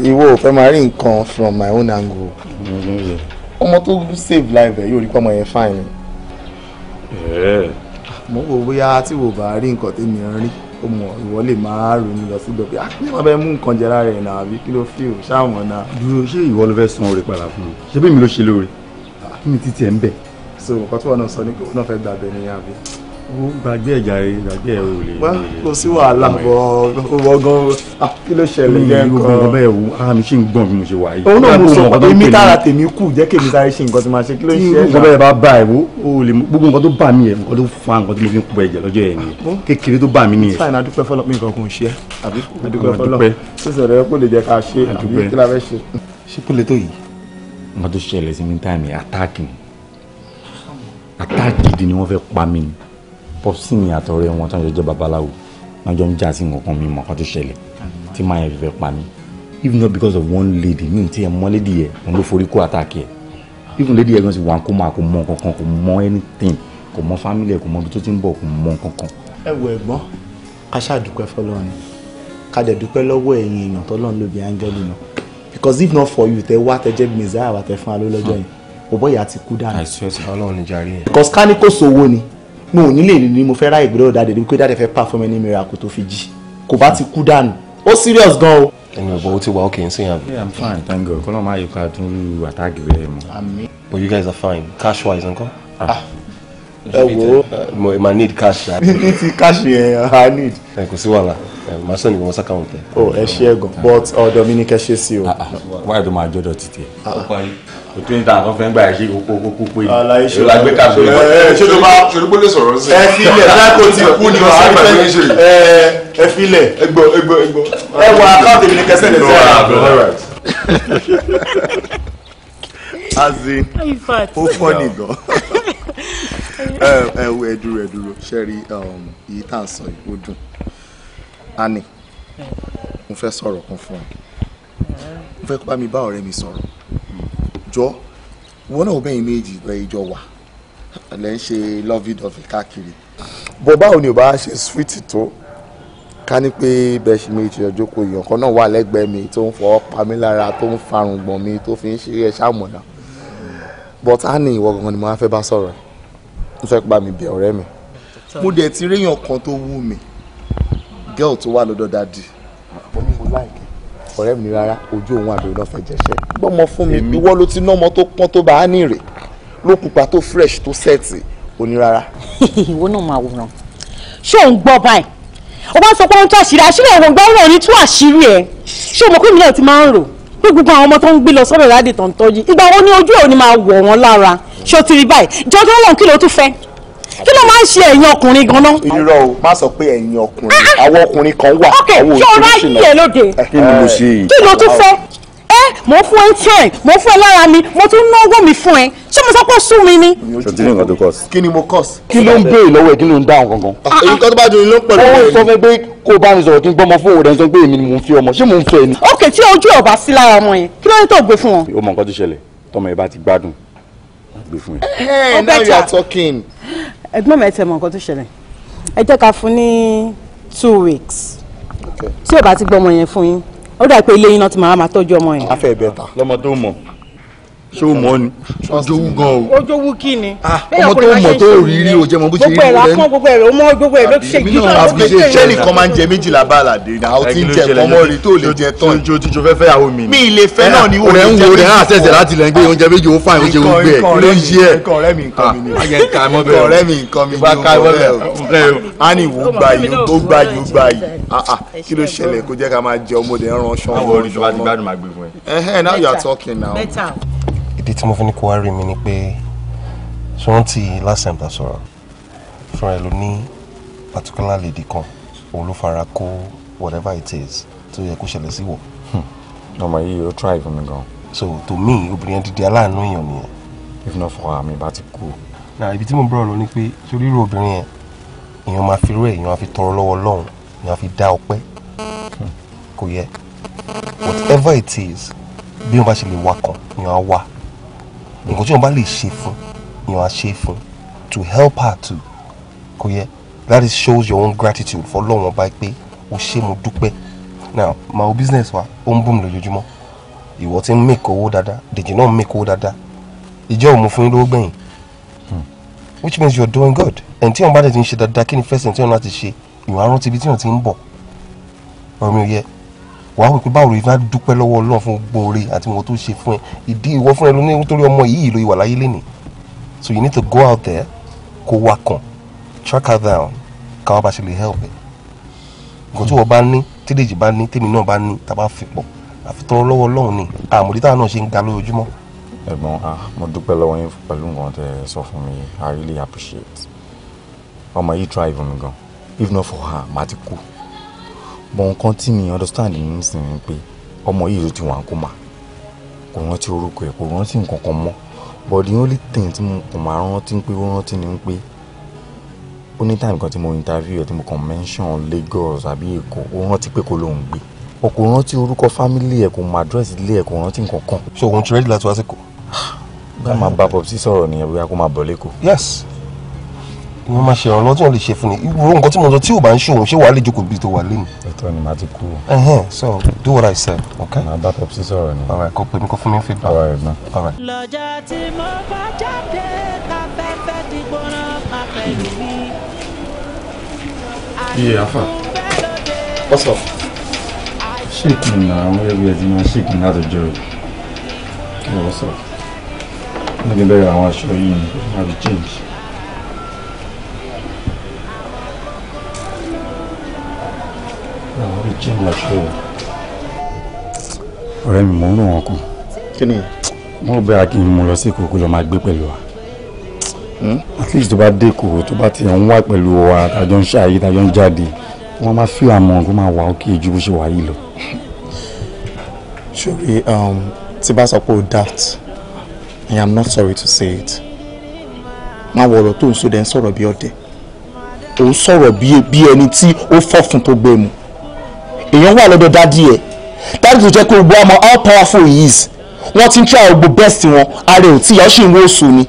ìwọ ò fẹ́ máa rí nǹkan from my own angle ọmọ tó save life ẹ̀ yóò rí pọ́mọ yẹn fine. Eh. mo wò bóyá tí wò bá rí nǹkan tèmi rí ó mọ ìwọ lè máa ronú lọ sí gbọ̀gbẹ́ àbí wọn bẹ mú nǹkan jẹ lára ẹ̀ náà àbí kí ló fi òòṣà wọn náà. dúró ṣé ìwọ ló fẹ́ san oore padà fún mi ṣé bí mi ló ṣe lóore ah, kí ni títí ẹ̀ ń bẹ̀. so nǹkan tí wọn náà sọ ni pé wọn náà fẹ́ gbàgbẹ́ nìyẹn àbí gbàgbé ẹ̀jà rẹ gbàgbé ẹ̀ ò lè. wá kò sí wàhálà bọ̀ ọ̀wọ́ gan ah, kí ló ṣẹlẹ̀ jẹ́ nǹkan. mi ò bẹ́ẹ̀ wù á mi ṣì ń gbọ̀n bí mo ṣe wà yìí. òun náà mo sọ pé èmi tára tèmi kù jẹ́ kí èmi sáré ṣe nǹkan tí màá ṣe kí ló ṣe é. nǹkan bẹ́ẹ̀ bá bá ẹ̀ wo o lè gbogbo nǹkan tó bà mí ẹ̀ nǹkan tó fa nǹkan tí mo fi ń pọ̀ ẹ̀jẹ̀ lọ́jọ́ ẹ̀ nìyẹn hmm? kékeré tó bà mí nìyẹn. fáìn adúpẹ́ fọlọ́ pé nǹkan kò ń ṣe é àbí adúpẹ́ fọlọ́ tó sọ̀rọ̀ ẹ kó lè jẹ́ ká ṣe àbí kí la fẹ́ ṣe. ṣé kò lè tó yìí. nǹkan tó ṣẹlẹ̀ sí mi táìmì attack ni attack gidi ni wọ́n fẹ́ pa mí ni pọ́sì mi àtọ̀rẹ́ wọn tó ń jẹ́ babaláwo náà jọ ń já sí nǹkan mi mọ̀ kan tó ṣẹlẹ̀ tí máa yẹn fẹ́ pa mí if not because of one lady mi ti ẹ̀ mọ́ lady yẹ òun ló forí kó àtàkì ẹ̀ even lady yẹ gan si wà kó máa kó mọ kankan kó mọ anything kò mọ family ẹ̀ kò mọ ibi tó ti ń bọ̀ kò mọ kankan. ẹ wo ẹ̀gbọ́n ká ṣàdúpẹ́ fọlọ́run ká dẹ̀ dúpẹ́ lọ́wọ́ ẹ̀yin èèyàn tọ́lọ́run ló bí áńgẹ́lì náà because if not for you tẹ wá tẹ jẹ́ mẹ́sàáyà wà tẹ fún wa lólọ́jọ́ yẹn òbọ̀ ìyá ti kú dànù. àìsí ọ̀sán ọlọ́run ní jàre yẹn. because ká ní kó sowó ni mo ò nílè ní mo fẹ́ ra ìgbéró dáadé wípé dáadé fẹ́ pàfọ́mẹ́ ní miracle tó fi jí kò bá ti kú dànù ó serious gan o. ẹnu ìbọn ó ti wà ókè ń sìn àbí. i'm fine thank god kọ́lọ́ máa yọ ká dún àtàgì rẹ̀ mọ́. but you guys are fine cash wise nǹkan. Ah. Ah. ẹ wo mo ma need cash. ní ti cash yẹn i need. ẹ kò sí wàhálà màá sọ nìkan wọn sá káwọn tẹ. o ẹ ṣe oh, é gan but ọ̀dọ̀ uh, mi ni kẹ́ ṣe sí o. wáyé tó máa jọ́dọ̀ títì kò tó ní tàn tó fẹ́ ń gbà ṣe kókó kókó pé èyí la gbé kàgbé wọn. ṣé tó bá ṣòrúgbó lè sọ̀rọ̀ sí. ẹ filẹ̀ láko ti kú ni wàá rí pẹ̀lú ṣe. ẹ filẹ̀ ẹ gbọ́ ẹ gbọ́ ẹ gbọ́. ẹ wọ àkáǹtì mi ní kẹsẹ̀ lè sẹ́yà. azin ó fọ́ nìgan ẹ wo ẹ dúró ẹ dúró ṣe rí iye um, tá à ń sọ yìí dùn ani mo fẹ́ sọ̀rọ̀ kan fún ọ mo fẹ́ kó bá mi bá ọ̀rẹ́ mi sọ̀rọ̀ jọ wọn náà bẹ́yìn méjì lẹ́ ìjọ wà lẹ́ ń ṣe lọ́fíìdọ́fì káàkiri bó báwo ni ò bá ṣe súwìtì tó ká ní pé bẹ́ẹ̀ ṣe méjì ọjọ́ kò yàn kan náà wà lẹ́gbẹ̀ẹ́ mi tó ń fọwọ́ pa mí lára tó ń farun gbọ̀n mi tó fi ń ṣeré ẹ̀ ṣàmùnà but á ní ìwọ gangan ni mo á fẹ́ bá sọ̀rọ̀ ẹ̀ ń fẹ́ pa mi bẹ̀ ọ̀rẹ́ mi. mo dẹ̀ ti réyàn kan tó wù mí girl tó wà lọ́dọ̀ dadi ọ̀rẹ́ mi rárá ojú òun àbẹ̀wò náà fẹ́ jẹ́ṣẹ́ gbọ́mọ fún mi ìwọ ló ti nọ́mọ tó pọ́n tó bá a ní rè ló pupa tó fresh tó sẹ́ẹ̀tì onírara. ìwọ náà máa wòran ṣé ò ń gbọ́ báyìí o bá sọ pé ó ń tó àṣírí àṣírí ẹ̀wọ̀n gbọ́ ọ̀rọ̀ ní tú àṣírí ẹ̀ ṣé o mọ̀ pé mi náà ti máa ń rò pé gbogbo àwọn ọmọ tó ń gbé lọ sọ́dọ̀ ìyáàdì tó ń tọ́jú ìgbà wo ni ojú ẹ̀ ò ní máa wọ̀ wọ́n lára ṣé o ti rí báyìí jọjọ́ lọ́n kí ló tún fẹ́ kí ló máa ń ṣe ẹ̀yin ọkùnrin gan-an. irọ́ o má sọ pé ẹ̀yin ọkùnrin ah, ah. àwọn ọkùnrin kan wà ok ṣé o ráyè lóde kí ló tún fẹ́ ẹ eh, mo fún ẹ time mo fún ẹ lára mi mo tún náwó mi fún ẹ ṣé mo sọ pé sún mi ni. ṣòtítì nǹkan tó kọ́s. kí ni mo kọ́s. kí ló ń béèrè lọ́wọ́ ẹ kí ló ń dáhùn gangan. èyí kan tó bá dùn ní ló ń pẹ̀lú ẹ̀. ó sọ fẹ́ pé kó bá mi sọ̀rọ̀ kí n gbọ́mọ fún òun rẹ̀ sọ pé èmi ni mò ń fi ọmọ ṣé mò ń fẹ́ ni. ok tí ojú ọba sí lára ọmọ yẹn kí ló ń tó gbé fún wọn. ó mọ nǹkan tó ṣẹlẹ̀ tọmọ ẹ bá ti gbádùn gbé fún ẹ. ẹ oh, now you are talking. ẹ̀gbọ́n mi ẹ tẹ mọ nǹkan tó ṣẹlẹ̀ ẹ jẹ́ ká fún ní two weeks tí ò bá ti gbọ́mọ yẹn fún yín ó dà pé ilé yín náà ti máa máa tọ́jú ọmọ yẹn. afẹ́ ìbẹ̀ta lọ́mọ tó mọ̀ ṣé o mọ̀ ni ojowú gan o. ojowú kí ni. ọmọ tó mọ̀ tó rí rí o jẹ́ mọ bó ṣe rí rẹ. gbogbo ẹ̀rọ akọ́ gbogbo ẹ̀rọ mọ́ gbogbo ẹ̀rọ ṣe jí náà ló ṣe jẹ́ nìkan máa ń jẹ méjìlá bàálà dé náà o ti ń jẹ kọ́mọ́ rí tó lè jẹ tán. jo jo fẹ́ fẹ́ yàwó mi. mi ilé fẹ́ náà ni o lè jẹ méjì. ọ̀rẹ́ ń wo àṣẹ̀ṣẹ̀ láti lẹ́ gbé oúnjẹ méjì ó fà oúnjẹ gbogbo ẹ̀ ló ń yẹ. ọ̀rẹ́ mi nǹkan mi ni ọ̀rẹ́ mi nǹkan mi ni a ní ìwò gba yìí ó gba yìí ó gba yìí kí ló ṣẹlẹ̀ kó jẹ́ ká máa jẹ ọmọdé ń ran ṣan. àwọn oríṣiríṣi bá ti gbádùn máa gbé fún ẹ. ẹhẹ́ now you are talking now. better ìdí tí mo fi ní kó wá rí mi ni pé sọ́rántì last time ta sọ̀rọ̀ fúnra ẹ̀ ló ní particular lady kan òun ló fara kó whatever it is tó yẹ kó ṣẹlẹ̀ sí wọ̀. Hmm. ọmọ yìí ó try fún mi gan. so to me obìnrin yẹn dídí aláàánú èèyàn nìyẹn. if not for her mi bá ti kú. na ibi tí mo bọ̀rọ̀ lọ ni pé torí irú obìnrin yẹn èèyàn máa fi rú ẹ̀ èèyàn máa fi tọrọ lọ́wọ́ Ọlọ́run èèyàn máa fi dá ọpẹ́ hmm. kò yẹ whatever it is bí wọn bá ṣe lè wá èèyàn á wá nǹkan tí wọn bá lè ṣe fún ni wọn á ṣe fún to help her to kò yẹ that is shows your own gratitude for lọ́wọ́n bá pé o ṣé mo dúpẹ́ now ma o business wa ó ń boom lójoojúmọ́ ìwọ ti ń make owó dáadáa dèjì náà ń make owó dáadáa ìjọ ò mú fún yín lówó gbẹ̀yìn hmm. which means you are doing good ẹni tí wọn bá dẹ̀ ti ń ṣe dáadáa kí ni first thing tí wọn láti ṣe ìwà rántí ibi tí wọn ti ń bọ̀ ọ̀rọ̀ mi yẹ wàá wò pé báwo ìfẹ́ dúpẹ́ lọ́wọ́ Ọlọ́run fún gbòòrè àti mo tó ṣe fún ẹ ìdí ìwọ fún ẹ lóní nítorí ọmọ yìí ló wà láyé lénìí so you need to go out there kó wá kàn track her down káwọn bá ṣe lè help ẹ nǹkan tí wọ́n bá ní tídèjì bá ní tèmi náà bá ní tàbá fi pọ̀ àfitọ́rọ́ lọ́wọ́ Ọlọ́run ni àmọ̀dé táwọn náà ṣe ń ga lójoojúmọ́. ẹ̀gbọ́n ah mo dúpẹ́ lọ́wọ́ yín pẹ̀lú nǹkan tẹ́ ẹ sọ fún mi I really appreciate ọmọ yìí try even gan if not for her màá ti kú. Cool bọ̀ nǹkan tí mi understand yìí ń sìn ní pé ọmọ yìí ló ti wà ń kó mà kò rántí orúkọ ẹ̀ kò rántí nǹkan kan mọ́ but the only thing tí mo kàn máa rántí pé ó rántí ni pé ó ní time kan tí mo interview ẹ̀ tí mo kàn mention Lagos àbí Èkó ó rántí pé kó lóun gbé o kò rántí orúkọ fámílì ẹ̀ kò mọ àdírẹ́sì ilé ẹ̀ kò rántí nǹkan kan. so òun ti rẹ́dí láti wá sí kò. bá a máa bá bọ́ọ̀sì sọ̀rọ̀ nìyẹn bóyá kó máa bọ̀ lẹ́kọ̀ọ́. yes mo máa ṣe ìrànlọ́wọ́ tí wọ́n lè ṣe fún ni ìwúrò nǹkan tí mo sọ tí ò bá ń ṣòwò ṣé wàá lè jókòó bí tó wà lẹ́nu. ètò ni màá ti kú. so do what I said okay. màá bá pepsi sọ̀rọ̀ ni. ọ̀rọ̀ ẹ̀kọ́ pé mi kò fún mi ń fi gbà. ọ̀rọ̀ ẹ̀gbọ́n. lọ́jà tí mo bá jáde tafẹ́fẹ́ ti gbóná pàpẹ́ mi. iye afa what's ṣéèkì nà àwọn ẹgbẹ́ ti máa ṣéèkì látọjọ́ rẹ̀ kí ni níbi bẹ́ẹ̀ àwọn aṣọ yìí ni jìnnà ṣe o ọ̀rẹ́ mi mò ń rò wọn kù. kí wọn ò bẹ́ra kí n mú lọ sí ìkòkò lọ́ọ́ máa gbé pẹ̀lú wa. Hmm? at least tó bá dé ìkòkò tó bá ti ń wá pẹ̀lú wa tàjọ ń ṣàyè tàjọ ń jáde wọn máa fi àmọ́ kó máa wà ókè ju bó ṣe wà yìí lọ. sori um, tí bá sọ pé o dat I am not sorry to say it máa wọ ọ̀rọ̀ tó ń sọ dẹ́ ń sọ̀rọ̀ bí ọ̀dẹ̀ òun sọ̀rọ̀ bí ẹni tí ó fọ̀fun tó gbé èèyàn wà lọ́dọ̀ dádì ẹ̀ dádì tó jẹ́ pé gbogbo àmọ́ how powerful he is wọ́n ti ń try gbogbo best wọn ara ò tí ó sì ń wó oṣù ni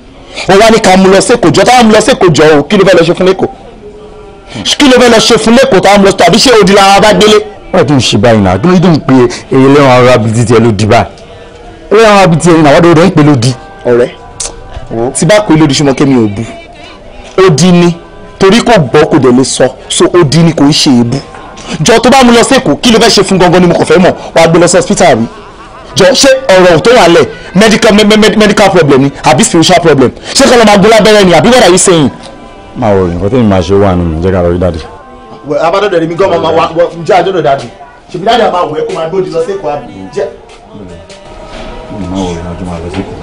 wọ́n wá ní ká mú lọ sékòó táwọn mú lọ sékòó o kí ló fẹ́ lọ ṣe fún lẹ́kọ̀ọ́ kí ló fẹ́ lọ ṣe fún lẹ́kọ̀ọ́ táwọn mú lọ sọ ṣé odi lára bá gbélé. wọ́n ti ń ṣe báyìí náà kí ló dùn pé èyí ara bíi tiẹ̀ ló di báyìí lẹ́wọ̀n ara bíi ti ẹ̀yìn àwọn jọ tó bá mú lọ sẹ́kọ̀ọ́ kí ló fẹ́ ṣe fún gangan ni mo kàn fẹ́ mọ̀ wàá gbé lọ sí hospital rí jọ ṣé ọ̀rọ̀ tó wà lẹ̀ medical medical problem ni àbí spiritual problem ṣé kọ́ lọ́ máa gbólá bẹ́rẹ̀ ni àbí what are you saying. máa wọ nǹkan tẹ́mi máa ṣe wà nínú jẹ́ ká lọ rí dáàdì. wẹ abádọ́dọ̀ èmi gan máa wà jẹ́ àjọ́dọ̀ dáàdì ṣèbí dáàdì àmà wẹ̀ kó máa gbóòdì lọ sẹ́kọ̀ọ́ àbí jẹ́. máa wọ ìrìnàjò máa lọ sẹ́kọ̀ọ́.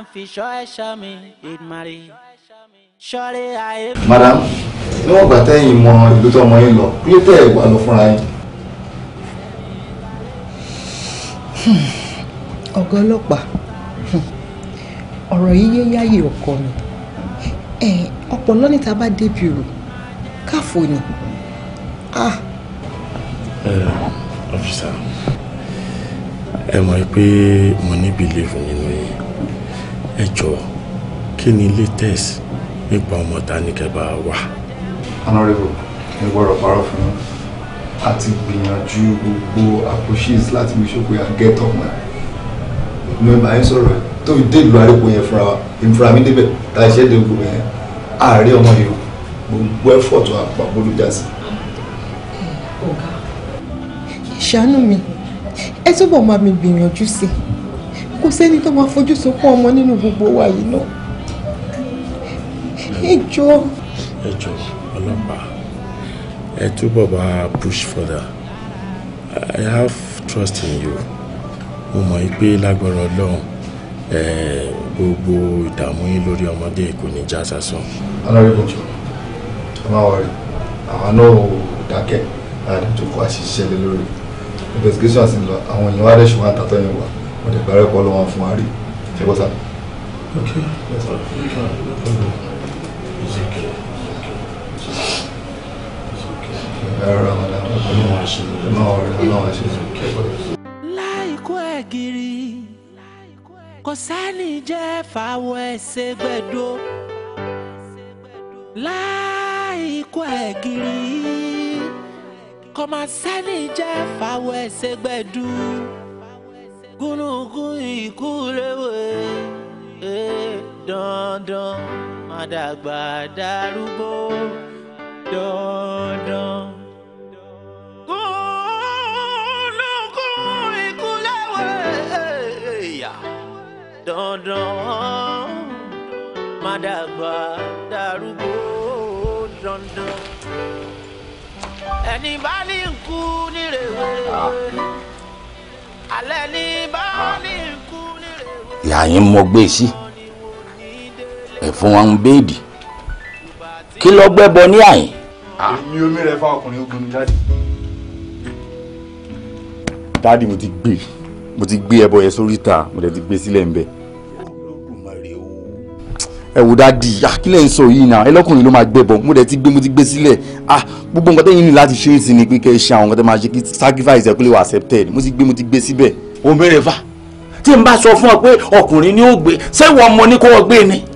ń fi ṣọ́ ẹ̀ṣọ́ mi Èdùmàrè madam níwọ̀n ìgbà tẹ́yìn mọ ìlú tó ọmọ yín lọ kí ló tẹ̀ wà lọ fúnra yín. Hmm. ọ̀gá ọlọ́pàá hmm. ọ̀rọ̀ yìí yé yáyè ọkọ mi ọ̀pọ̀ lọ́nìta bá débi rò káfò ni. Ah. ọ̀fíìsà ẹ mọ̀ pé mo ní bìlíìfù nínú yìí ẹ jọ kí ni latest nípa ọmọ ta ní kẹba wà. honourable ẹ gbọ́dọ̀ parọ́ fún mi a ti gbìyànjú gbogbo approaches láti fi ṣòkò yà get up ma ní ọba yẹn sọ̀rọ̀ tó fi dé ìlú àríkò yẹn fúnra wa ìfúnra mi débẹ̀ ta iṣẹ́ dé gbogbo yẹn ààrẹ ọmọ yìí gbogbo effort àpapọ̀ ló já sí. ọ̀gá ìṣàánú mi ẹ túbọ̀ máa mi gbìyànjú sí kò sẹ́ni tó máa fojú sunkún ọmọ nínú gbogbo wa yìí náà ẹ jọ. ẹ jọ ọlọ́pàá ẹ túbọ̀ bá push further i have trust in you mo mọ̀ yí pé lágbára ọlọ́run gbogbo ìdààmú yín lórí ọmọdé kò ní já sásán. ọlọ́run ìjọ ẹ má wọrí àwọn náà ò dákẹ́ àdètòkò àṣìṣe lé lórí investigation àti lọ àwọn èèyàn wá dẹ̀ṣùn wá tàtọ́ yẹn wà wọ́n dẹ̀ gbàrẹ́pọ̀ lọ́wọ́ fún wa rí ṣẹ́gbọ́sà. okay. Yes, It's okay. It's okay. It's okay. Ẹ̀rọ àwọn ọ̀dà ọlọ́wọ́ ṣe ọlọ́wọ́ ṣe láìkó ẹ̀gìrì kò sẹ́ni jẹ́ fàwọ̀ ẹ̀sẹ̀ gbẹ̀dọ̀ láìkó ẹ̀gìrì kò má sẹ́ni jẹ́ fàwọ̀ ẹ̀sẹ̀ gbẹ̀dọ̀ gúnlùkún ìkúrèwé eh, dandan máa dàgbà darúgbó dandan. kúlùkùn ìkúlẹ̀wé ìyá dandan máa dàgbà darúgbó dandan. ẹni bá ní kú nírèwé alẹ́ ní bá ní kú nírèwé. ìyá yín mọ gbé e sí. Si ẹ fún wa ń béèdì kí lọ gbẹ́bọ ní àyìn. Ah. èmi omi rẹ fa ọkùnrin ogun ni dáàdì. dáàdì mo ti gbé mo ti gbé ẹbọ yẹn sórí ta mo ti gbé sílẹ̀ ń bẹ̀. ẹ wò dáàdì ah, kí lẹ́yìn sọ yìí náà ẹlọ́kùnrin ló máa gbẹ́bọ mo ti gbé mo ti gbé sílẹ̀ ah, gbogbo nǹkan tẹ́yìn ní láti ṣe é sí ni pé kẹ́ ẹ ṣe àwọn nǹkan tẹ́ máa ṣe kí sacrifice ẹ wà accepted mo ti gbé mo ti gbé síbẹ̀. òun bẹ̀rẹ̀ fà tí n bá sọ fún ọ pé ọkùnrin ni ó gbé ṣé wọn mọ ní kó gbé ni.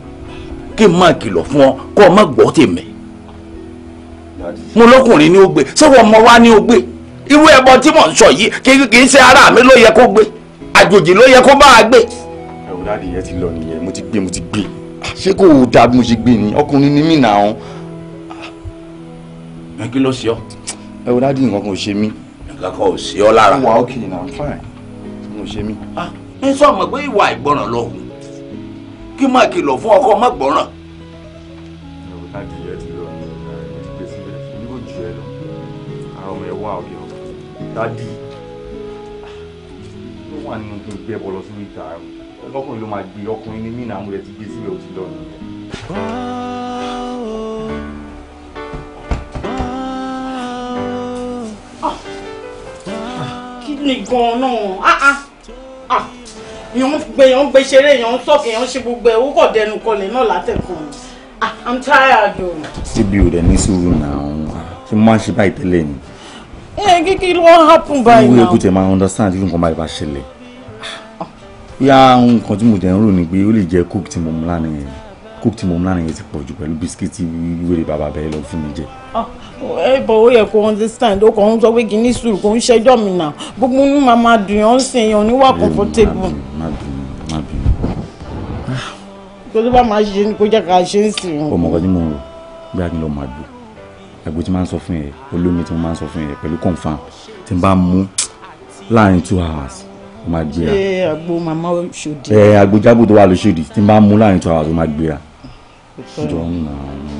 kí n máa kìlọ̀ fún ọ kó o má gbọ́ tèmi mo lọkùnrin ni ó gbé ṣé wọn mọ wá ní ó gbé irú ẹbọ tí mò ń sọ yìí kì í ṣe ara mi ló yẹ kó gbé àjòjì ló yẹ kó bá a gbé. ẹ̀rù dáàdì yẹn ti lọ nìyẹn mo ti gbé mo ti gbé ṣé kò dáa bí mo ṣe gbé ni ọkùnrin ni mí nà án. ẹ kí ló ṣe ọ. ẹ̀rù dáàdì nǹkan kan ò ṣe mí. nǹkan kan ò ṣe ọ lára. wà ókè nà fine mo ṣe mí. ń ah, sọ ọmọ pé ìwà ìgbọràn lọ kí má kìlọ̀ fún ọkọ má gbọ́ràn. dádì ló wà nínú kí n gbé ẹbọ lọ sínú ìta ọkùnrin ló máa gbé ọkùnrin ní mí náà mo ti gbé síbẹ̀ ó lọ nìyẹn. Ah, nìkan náà ah ah ah èèyàn gbé èèyàn gbé ṣeré èèyàn sọ̀kì èèyàn ṣe gbogbo ẹ̀ ó kọ̀ dẹnu kọlẹ̀ náà látẹ̀kùn mi ah, i'm tired o. síbi ò dẹ̀ ní sùúrù náà ṣé mo máa ń ṣe báyìí tẹ́lẹ̀ ni. ẹ kíkí ló ń happen báyìí náà. ìwé ẹkùtẹ máa ń understand irú nǹkan báyìí bá ṣẹlẹ̀. yá nǹkan tí mo dẹ̀ ń rò ni pé ó lè jẹ́ cook tí mo mú lánàá yẹn cook tí mo mú lánàá yẹn ti pọ̀ jù pẹ̀lú bisikíìtì wíwèrè bàbá bẹ́ẹ̀ lọ fún mi jẹ ẹ eh, bọ̀ ó yẹ kó understand ó kàn ń sọ pé kì í ní sùúrù kò ń ṣẹjọ́ mi nà gbogbo inú màá máa dùn yàn ń sìn yàn níwà comfortable. kó tó bá máa ṣe kó jẹ́ ká ṣe ń sìn. ọmọ kan tí mo rò bí a kì í lọ máa dùn àgbo tí máa ń sọ fún yẹn olómi tí mo máa ń sọ fún yẹn pẹ̀lú confam tí n bá mú láàrin two hours ó máa gbéra. ṣé àgbo màmá Òṣòdì. ẹ eh, àgbo jábò tó wà lóṣòdì tí n bá mú láàrin two hours ó máa gbéra. jọ̀ọ́ nà án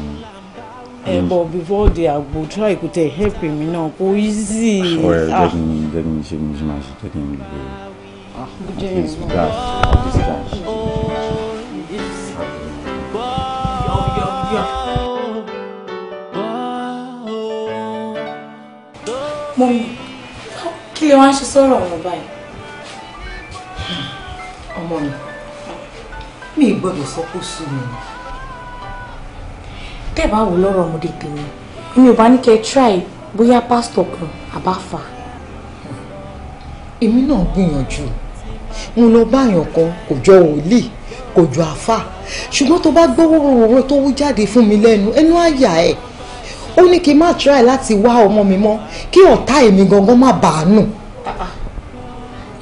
ẹ eh, mm. bọ before the agbo try kò tẹ help mi náà kò easy. ọ̀rẹ́ jẹ́ kí n jẹ́ kí n ṣe mi ṣe máa ṣe jẹ́ kí n gbé at least with that at this time. mọ́mí kí lè wá hmm. ọmọ mi ah. mi ì gbọ́dọ̀ sọ mi tẹ́ ẹ̀ bá wò lọ́rọ̀ ọmọdé tèmi èmi ò bá ní kẹ́ ẹ try bóyá pásítọ̀ kan àbáfà. èmi náà gbìyànjú ń lọ báyàn kan kò jọ wòlíì kò jọ àfà ṣùgbọ́n tó bá gbọ́ wòròwòrò tó wú jáde fún mi lẹ́nu ẹnu àyà ẹ̀ ó ní kí n má try láti wá ọmọ mi mọ́ kí ọ̀tá èmi gangan má bàa nù. Ah, ah.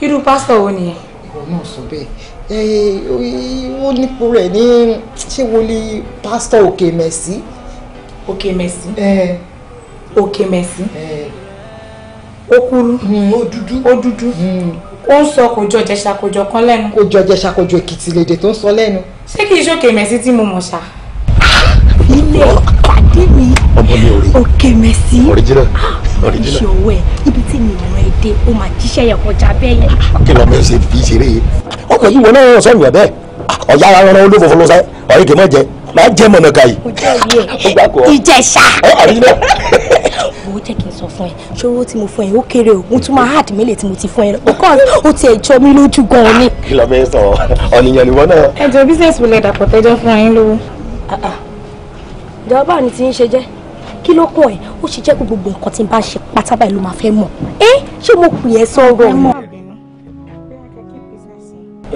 irú pásítọ̀ wo nìyẹn. ìwọ náà sọ bẹ́ẹ̀ Eh, ó nípò rẹ̀ ní ṣé wọlé Pastor, òkè mẹ́sì. òkè mẹ́sì. Eh. òkè mẹ́sì. Eh. ó kúrú. Hmm, ó dúdú. ó dúdú. Hmm. ó ń sọ kò jọ kan lẹ́nu. kò jọ èkìtì lédè tó ń sọ lẹ́nu. ṣé kì ṣe òkè mẹ́sì tí mo mọ̀ ṣá. ilé pàdé mi òkè mẹ́sì. original ah, original. ìṣòwò ẹ̀ ibi tí mi ò rẹ́ dé ó máa jíṣẹ́ yẹn kọjá bẹ́ẹ̀ yẹn. kí lọ́mọ ẹ ṣe fi ṣeré yìí ọkọ yìí wọn náà sọ ìwà bẹ́ẹ̀ ọ̀yá ara wọn ló fọfọ lọ́sẹ̀ ọ̀rẹ́ kì í mọ̀ jẹ máa jẹ mọ̀nàkà yìí. ìjẹsà. owó jẹ́ kí n sọ fún ẹ ṣòro tí mo fún ẹ ó kéré o mo tún máa hard mélòó tí mo ti fún ẹ lọ because ó tiẹ̀ jọ mí lójú gan ni. kí lọ́mọ ẹ sọ ọ̀nìyàn nìwọ náà. ẹ jọ bísíǹsì wo lẹ dàpọ̀ tẹ́jọ́ fún ẹ lówó. Ah, ah. ìjọba ni ti ń ṣe jẹ́ kí ló kún ẹ ó ṣe jẹ́ gbogbo nǹkan tí n bá ń ṣe pátá báyìí ló máa fẹ́ mọ̀ ẹ ṣé mo pè ẹ sọ̀rọ̀ mọ́.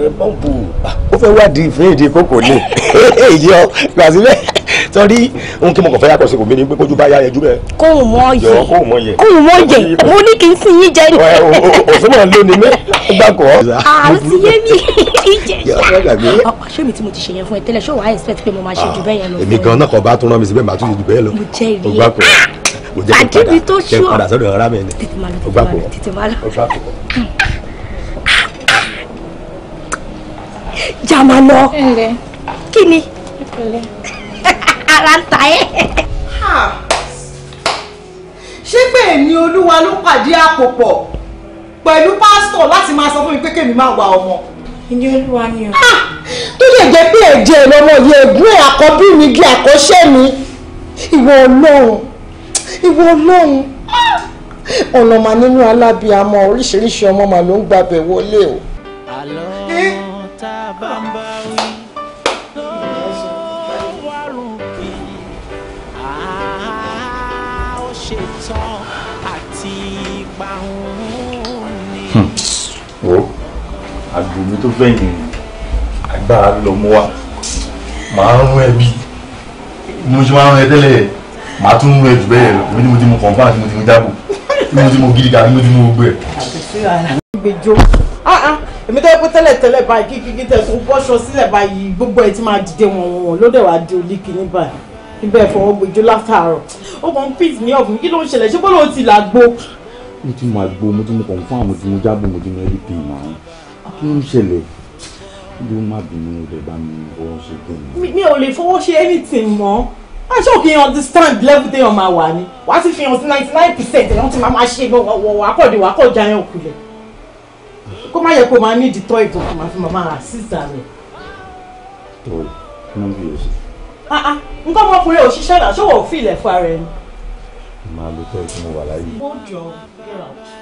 ẹ bọ́ǹbù ó fẹ́ wádìí ìfẹ́ èdè kókò ní èyí ọ gbàsílẹ̀ sọrí ohun tí mo kàn fẹ́ yàtọ̀ sí kò mí ni pé kójú bá yá yẹjú bẹ́ẹ̀. kóhùn mọ́ yẹ kóhùn mọ́ yẹ kóhùn mọ́ yẹ mo ní kí n sin yín jẹ ní. òsínmọ̀ ló ni mí gbàgbọ́. àwọn ti yé mi ìjẹ. ọkọ ṣé mi tí mo ti ṣe yẹn fún ẹ tẹ́lẹ̀ ṣé wàá expect pé mo máa ṣe jù bẹ́ẹ̀ yẹn lọ. èmi gan náà kò bá tún rán mi sí bẹ́ẹ̀ màá tún ṣe jù bẹ́ẹ̀ lọ. mo jẹ́ ìrí mo jẹ́ kí n padà kí kí ni ara ta ẹ́. ṣé bẹ́ẹ̀ ni olúwa ló pàdé àpòpọ̀ pẹ̀lú pásítọ̀ láti máa sọ fún mi pé kèmi máa wà ọmọ. ìní olúwa ni o. tó lè jẹ́ pé èjè lọ́mọ yìí ègún ẹ̀ àkọ́bí mi di àkọ́ṣẹ́ mi ìwọ ọlọ́run ìwọ ọlọ́run ọ̀nà mà nínú alábìàmọ́ oríṣiríṣi ọmọ mà ló ń gbabẹ̀ wọlé o. àlọ́ tá a bá ń bá. àgbò mi tó fẹ̀yìn rìn agbára lọ mọ́ wa màá rún ẹ bí mo ṣe máa ń rún ẹ tẹ́lẹ̀ màá tún rún ẹ jù bẹ́ẹ̀ lọ èmi ni mo ti mọ kọ̀ǹfà àti mo ti mọ jábò tí mo ti mọ gidi kan tí mo ti mọ gbogbo ẹ̀. àbẹ̀sí ara ń gbẹjọ èmi tó yẹ pé tẹ́lẹ̀ tẹ́lẹ̀ báyìí kí kíkí tẹ̀ tún bọ́ṣọ sílẹ̀ báyìí gbogbo ẹ̀ ti máa dìde wọn wọn lóde wàá di olíkì ní báyìí níbẹ̀ fọwọ́ gbẹjọ látàárọ̀ ó kàn ń pìt ní ọ̀fun kí ló ń ṣẹlẹ̀ ṣé bọ́lá ó ti làgbo. mo ti mọ àgbo mo ti mọ kọ̀ǹfà mo ti mọ jábò mo ti mọ ẹbí pè é màá kí ló ṣẹlẹ̀ bí ó má bínú rẹ̀ bá mi fọwọ́ ṣe kí ni. mi ò lè fọwọ́ ṣe anything mọ́ aṣọ òkè yẹn understand level day ọmọ àwa ni wàá ti fi hàn sí ninety nine percent ẹ̀ wọ́n ti máa máa ṣe wọ̀ wà á kọ̀ dé wà á kọ̀ já yẹn òkulẹ̀ kó má yẹ kó máa ní ìdìtọ́ ìtàn kó máa fi màmá àṣìṣà rẹ̀. tó o náà bí o ṣe. nǹkan ọmọkùnrin ò ṣiṣẹ́ náà ṣé wọ́n fi ilẹ̀ fún ara ẹni. màá lo tẹ́lifíṣàn wà láyé. ó jọ yẹra o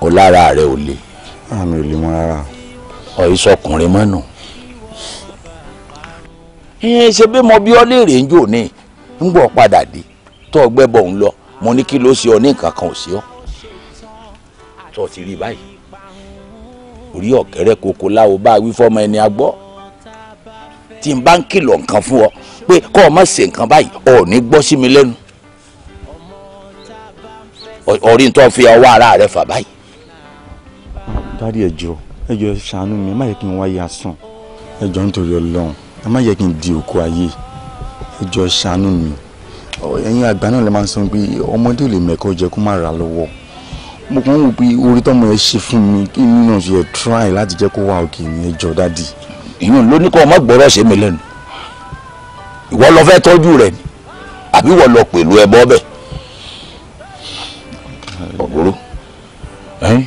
o lára rẹ ò le. àmì ah, ò le mọ rárá. ọ̀yí sọkùnrin mọ́nù. ẹ ṣe bí mo bí ọ léèrè ń jò ní ń gbọ́ padà dé tó ọgbẹ́ bọ̀ ń lọ mo ní kí ló ṣe ọ ní nǹkan kan ò sí ọ. tó o ti rí báyìí orí ọ̀kẹ́rẹ́ koko láwo bá wí fọ́mọ ẹni agbọ́ tí n bá ń kìlọ̀ nǹkan fún ọ pé kọ́ O má ṣe nǹkan báyìí ọ ò ní gbọ́ sí mi lẹ́nu orí ń fi ọwọ́ ara rẹ fà báyìí dáàdi ẹjọ ẹjọ ẹ ṣàánú mi ẹ má yẹ kí n wáyé asán ẹjọ nítorí Ọlọ́run ẹ má yẹ kí n di òkú ayé ẹjọ ẹ ṣàánú mi ẹ̀yin àgbà náà lè máa ń sọ pé ọmọdé ò lè mẹkọ jẹ kó má ra lọ́wọ́ mo kàn ń wò pé orí tọmọ ẹ ṣe fún mi kí mi náà ṣe ẹ try láti jẹ kó wà òkè ní ẹjọ dáàdi. ìyún ló ní kó ọmọ gbọ́dọ̀ ṣe mí lẹ́nu ìwọ lọ fẹ́ tọ́jú rẹ̀ àbí ìwọ lọ pẹ̀lú ẹbọ bẹ́ẹ̀ ọ̀gbọ́rọ̀ ẹ̀yìn.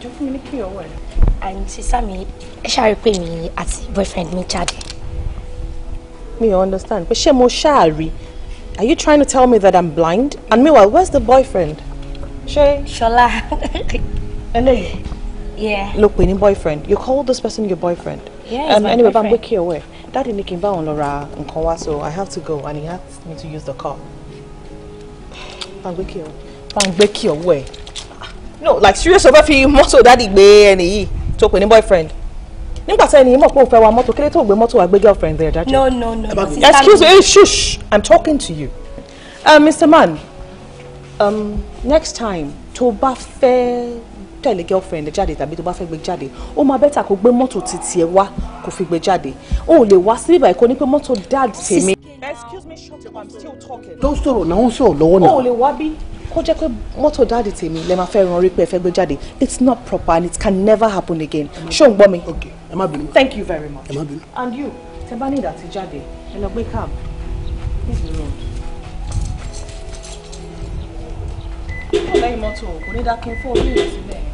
jọ fún mi ní kí ọwọ́ rẹ. àǹtí sami ẹ ṣàrí pé mi àti boyfriend mi jáde. mi ò understand pé ṣé mo ṣáàrí are you trying to tell me that I'm blind and meanwhile where's the boyfriend. ṣé. ṣọlá. eléyìí. yeah. ló pè ní boyfriend you call this person your boyfriend. yeah um, anyway, boyfriend. anyway bá ń gbé kí ọwọ́ ẹ. Daddy ní kí n bá wọn so I have to go and he asked me to use the car. Pàǹgbékì ọ̀. way. No like serious ọba fi motto. daddy gbé ẹni yìí tó pè boyfriend nígbà tí ẹni yìí mọ̀ pé òun fẹ́ wa mọ́tò kí ló tó gbé mọ́tò there dájú. no no no excuse me hey shush i'm talking to you. Uh, Mr. Man um, next time to buffet tẹ̀lé girlfriend jáde tàbí tó bá fẹ́ gbé jáde ó máa bẹ́tà kó gbé mọ́tò títí ẹ wá kó fi gbé jáde ó lè wá sí ibà ìkọ́ pé mọ́tò dad tèmi. excuse me shut up i'm still talking. tó sọ̀rọ̀ náà ó sọ̀rọ̀ lọ́wọ́ náà. ó lè wá bí kó jẹ́ pé mọ́tò dáàdì tèmi lè máa fẹ́ ran orí pé ẹ fẹ́ gbé jáde it's not proper and it can never happen again ṣó ń gbọ́ mi. ok ẹ má bínú. thank you very much. ẹ má bínú. and you tẹ bá ní ìdàtí jáde ẹ lọ gbé cab this is the road. kò lẹ́yìn mọ́tò ní dákẹ́ fún orí ìrẹsì bẹ́ẹ̀.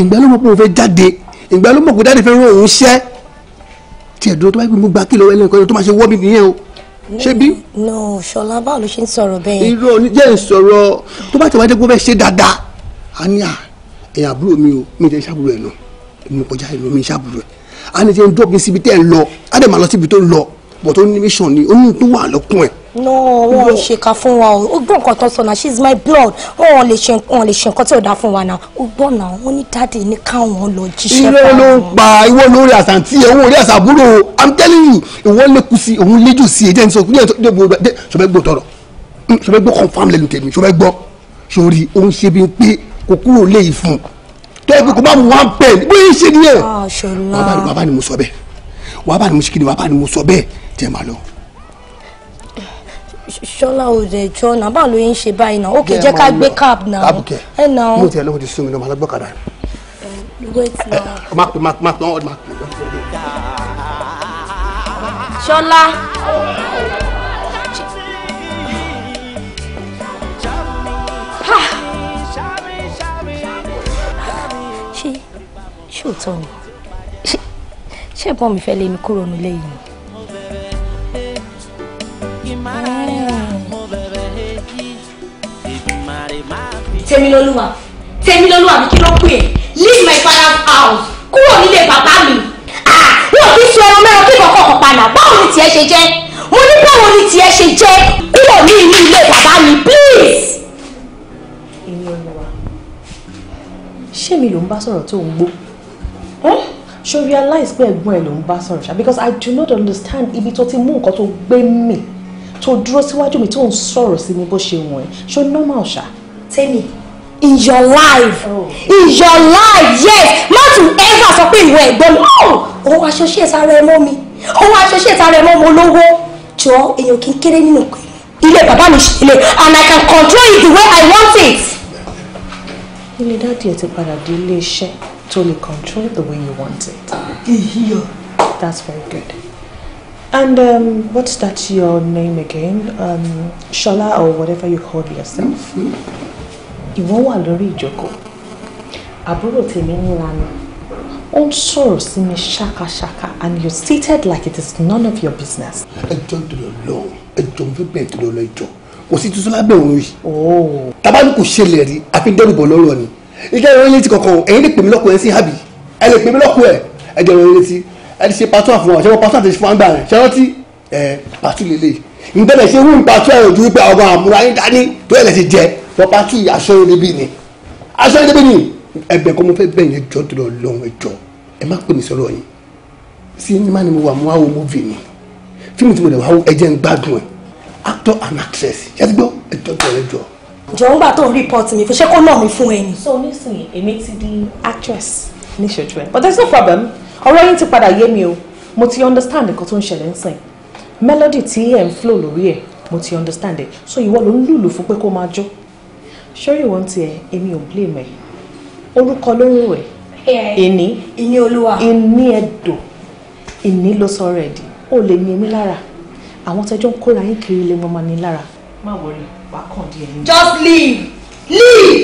ìgbà ló mọ̀ pé òun fẹ́ jáde ìgbà ló mọ̀ pé dáàdì fẹ́ rán òun ṣẹ́ tiẹ̀ dúró tó bá yẹ pé mo gbà kí lọ́wọ́ ẹlẹ́nìkan tó máa ṣe wọ́ mi nìyẹn o ṣé bí. no ṣọlá báwo ló ṣe ń sọ̀rọ̀ bẹ́ẹ̀. irú ọ jẹ́ ń sọ̀rọ̀ tó bá ti wájú pé ó fẹ́ ṣe dáadáa a ní à ẹ̀yà àbúrò mi o mi tẹ́ ṣàbúrò ẹ̀ nù mi kọjá ẹ̀ nù mi ṣàbúrò ẹ̀ a ní ti ń dọ́gbin síbi tẹ́ ẹ̀ ń lọ á dẹ̀ máa lọ síbi tó lọ bọ̀ tó ní mission ni ó ní tó wà lọ́kùn ẹ̀ no wọn ò ṣèkà fún wa o ó gbọ́ nǹkan tó sọ náà she is my blood wọn ò lè ṣe wọn ò lè ṣe nǹkan tí ò dá fún wa náà ó gbọ́ náà wọn ní dáàdì ní káwọn lọ jíṣẹ́ bá wọn. irọ́ ló ń pa ìwọ lórí àsàntì ẹ̀ òun ò àsàbúrò i'm telling you ìwọ lè kú sí òun lè jù sí ẹ̀ jẹ́ni sọ kúrò ẹ̀ sọ̀bẹ́ gbọ́ tọrọ hmm, sọ̀bẹ́ gbọ́ confam lẹ́nu tèmi sọ̀bẹ́ gbọ́ sórí òun ṣe bí pé kò kúrò lè fún tẹ́ẹ̀bù kò bá mu wá bẹ́ẹ̀ bó yín ṣe nìyẹn ah, wàá bá ni mo sọ bẹ́ẹ̀ wàá bá ni mo ṣe kí ni wàá bá ni mo sọ bẹ́ẹ̀ tẹ́ẹ̀ máa lọ ṣọlá òde jọ náà báwo ló ń ṣe báyìí náà ókè jẹ́ ká gbé cab náà ẹ náà. mo tẹ lóhun ti sún mi náà màá lọ gbọ́kadà. má pè má pè má ṣé ṣé òótọ́ ni ṣé ẹ̀gbọ́n mi fẹ́ lé mi kúrò nílé yìí Tèmilolúwa Tèmilolúwa mi kí ló pè é leave my father's house kúrò nílé bàbá mi. wọn kì í sọ ọmọ mẹ́rin kíkọ́ kọ̀ọ̀kan padà báwo ni tiẹ̀ ṣe jẹ́ mo ní báwo ni tiẹ̀ ṣe jẹ́ kúrò ní inú ilé bàbá mi please. èmi olùwà ṣé mi ló ń bá sọ̀rọ̀ tó ń gbó ṣo realize pé ẹ̀gbọ́n ẹ̀ ló ń bá sọ̀rọ̀ ṣá because I do not understand ibi tó ti mú nǹkan tó gbé mi tó dúró síwájú mi tó ń sọ̀rọ̀ sí mi bó ṣe wọ̀n ẹ́ ṣo normal ṣá tell me in your life oh. in your life yes má tún ever sọ pé ìwọ ẹ̀gbọ́n mi òun oh! aṣọ ṣe sára ẹ mọ́ mi òun aṣọ ṣe sára ẹ mọ́ mi olówó jọ èèyàn kì í kéré nínú ilé bàbá mi ṣe and I can control it the way I want it. ilé dáàdì ẹ ti padà di ilé iṣẹ́ tó lè control the way you want it. iye. that's very good. And um, what's that your name again? Um, Shola or whatever you call yourself? Mm -hmm ìwọ wà lórí ìjókòó àbúrò tèmi ńlá ni ó ń sọ̀rọ̀ sí mi ṣàkàṣàkà and you stated like it is none of your business. ẹjọ́ dùnú lọ ẹjọ́ ń fi bẹ́ẹ̀ dùnú lọ ẹjọ́ kò sí tuntun lábẹ́ òun yìí. Oh. tábàlù kò ṣẹlẹ̀ rí àfi dẹ́rùbọ̀ lọ́rọ̀ ni ìjẹ́ ìròyìn létí kankan ẹ̀yin lè pè mí lọ́kùnrin sí àbí ẹ lè pè mí lọ́kùn ẹ̀ ẹ̀jẹ̀ ìròyìn létí ẹ ti ṣe pàtó àfọwọ́ ṣẹ́wọ́ pàtó àti ìṣẹ́wọ́n gbà rẹ̀ ṣẹ́rántí ẹ̀ pàtó lélẹ̀ ìbẹ̀rẹ̀ ṣe wú ìpàtó ẹ̀rọ̀ ju wípé ọgbà àmúra yín dání tó ẹ̀ lẹ́ ti jẹ property aṣọ ìrẹ́bí ni aṣọ ìrẹ́bí ni ẹ̀bẹ̀ kọ́ mo fẹ́ bẹ̀ yẹn jọ́ dúró lọ́hùn ẹjọ́ ẹ má pè mí sọ̀rọ̀ yìí sí ní má ni mo wà mo wá movie ni fíìmù tí mo lè wá wo ẹ̀jẹ̀ ń gbádùn ẹ̀ actor and actress yẹ́n ti gbọ́ ẹjọ́ dúró ẹjọ́. jọ̀wọ́ tó ń report mi fún ṣé náà mi fún ẹ ni. so nísìnyí èmi ti di actress níṣojú ẹ but there is no problem ọ̀rọ̀ yín ti padà yé mi o mo ti understand nǹkan tó ń ṣẹlẹ̀ ń melody tí ẹ̀ ń flow lórí ẹ̀ mo ti understand ẹ̀ so ìwọ ló ń lùlù fún pé kó máa jó sórí ìwọ̀n tiẹ̀ èmi ò blame ẹ̀ orúkọ ló ń rò ẹ̀ ìní ìní olúwa ìní ẹ̀dọ̀ ìní ló sọ rẹ̀ di ó lè ní èmi lára àwọn tẹjọ́ ń kóra yín kiri lè mọ́ máa lára má wọlé wàá kàn díẹ̀ ní. just leave leave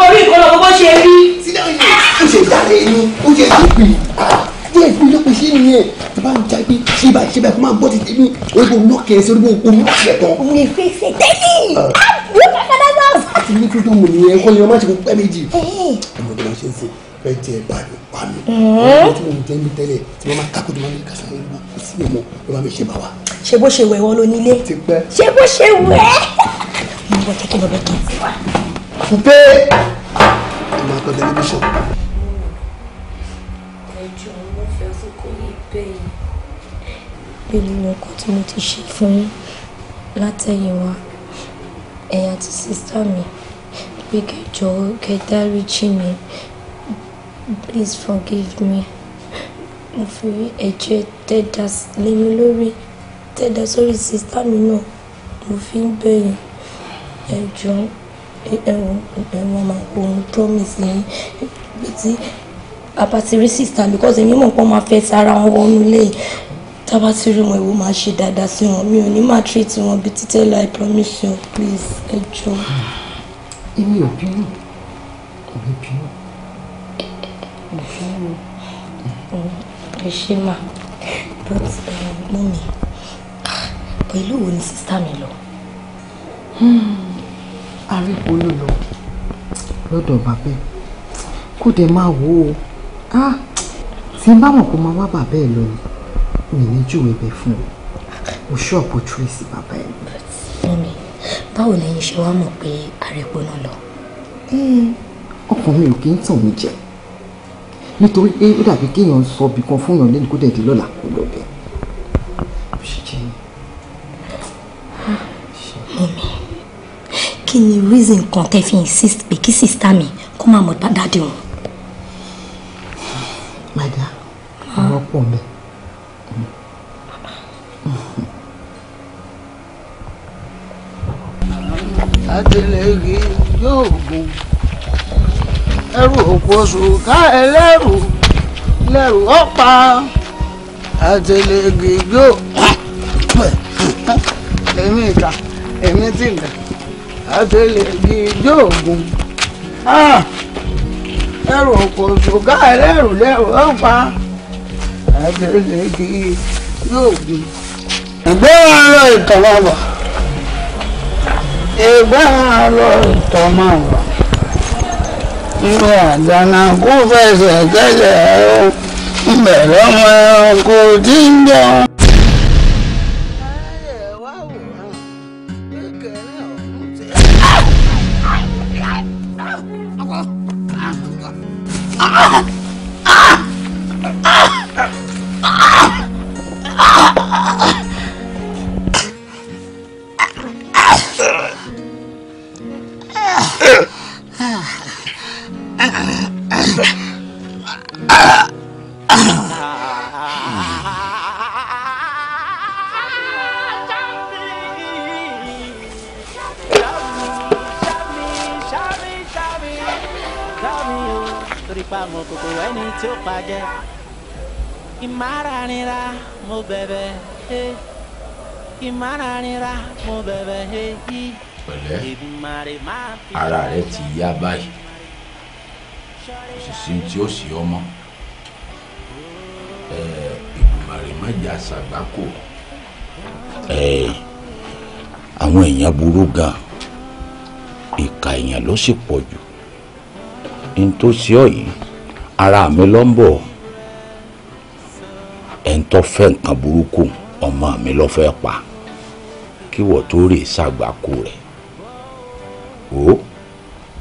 orí ìkọlọ gbogbo ṣe rí. sílẹ̀ òye ó ṣe dáre ni ó ṣe tó pè é díẹ̀ bí ló pè sí nìyẹn tí bá ń ja ibi ṣé ibà ṣe bẹ́ẹ̀ kó máa gbọ́ tètè mi orí kò lọ́kẹ̀ẹ́ sórí kò lọ́kẹ̀ẹ́ tán. mi fẹ́ fẹ́ tẹ́lẹ̀ ti ní freedom nìyẹn kọ́ ni ọmọ ti kún pẹ́ méjì ọmọ tó máa ṣe ń fún fẹ́ jẹ bàmí bàmí ọmọ tí mo ń jẹ́ mi tẹ́lẹ̀ tí wọ́n máa kákó tó máa ń kásá ní ìlú kò sí ọmọ ló máa fi ṣe bá wa. ṣé bó ṣe wẹ̀ wọ́n ló nílé ṣé bó ṣe wẹ̀. mo bọ jẹ́ kí lọ bẹ tán fún wa. pé ẹ máa tọ́ tẹlifíṣàn. ẹjọ́ mo fẹ́ fún kò ní bẹ́ẹ̀ bí mo kọ́ tí mo ti ṣe fún látẹ̀yìn wa ẹ̀yin àti sista mi pé kẹjọ kẹ dáríjì mi please forgive me mo fi ẹ̀jẹ̀ tẹ́dà lé mi lórí tẹ́dà sórí sista mi náà mo fi ń bẹ̀yìn ẹ̀jọ̀ ẹ̀wọ̀n ẹ̀wọ̀n máa wọ ohun promise yín pé tí a bá ti rí sista because èmi mọ̀ pé wọ́n máa fẹ́ sára wọn wọnú lẹ́yìn tábà tí rí wọn ìwọ máa ṣe dáadáa sí wọn mi ò ní máa treat wọn bíi títẹ́ lọ i promise you please ẹ jọ. èmi ò bínú èmi bínú èmi bínú. ẹ ṣe mà but mú um, mi pẹ̀lú wo ni sísá mi lọ. Hmm. ariwo ló lọ lọ́dọ̀ bàbá ẹ̀ kó dẹ̀ máa wò ó ah, tí n bá mọ̀ kó máa wá bàbá ẹ̀ lọ ni mi ní júwe bẹ fún o ṣọ́ọ̀bù tracy bàbá ẹ. mọ́mi báwo lẹ́yìn ṣe wá mọ̀ pé àrèpo náà lọ. Hmm, ọkàn mi ò kí ń tàn mí jẹ nítorí pé ó dàbí kéèyàn sọ ibì kan fún yàn lẹ́nu kó dẹ̀ di lọ́la kó lọ bẹ́ẹ̀. mọ́mi kí ni reason kan tẹ́ fi insist pé kí sista mi kó máa mọ̀ dáadáa dé wọn. madam ọ̀rọ̀ pọ̀ mẹ́ẹ̀. àtìlẹ́yìn yóò gùn ẹrù òkòṣù ká ẹlẹ́rù lẹ́rù ọ̀pá àtìlẹ́yìn yóò èmi ìka èmi ti ìka àtìlẹ́yìn yóò gùn ẹrù òkòṣù ká ẹlẹ́rù lẹ́rù ọ̀pá àtìlẹ́yìn yóò gùn. ìgbéwọ̀n lọ ìtàn ìgbàlọ́ tọmọ wà ìwé àdánà kó fẹsẹ̀ kẹsẹ̀ ẹ̀rọ ń ọmọ ẹranko tí ń jẹun. ìmáranira mo bẹ̀bẹ̀ he ìmáranira mo bẹ̀bẹ̀ he. pẹ̀lẹ́ ara rẹ ti yá báyìí kò sì sí tí ó sì ọmọ ìgbìmọ̀rì mọ́jà ṣàgbákò. àwọn èèyàn burú gan ìka èèyàn ló sì pọ̀ jù n tó ṣe ọ yìí ara mi ló ń bọ̀ ẹn tó fẹ́ nǹkan burúkú ọmọ mi ló fẹ́ pa kí wọ́n tó rè ṣàgbákò rẹ̀ o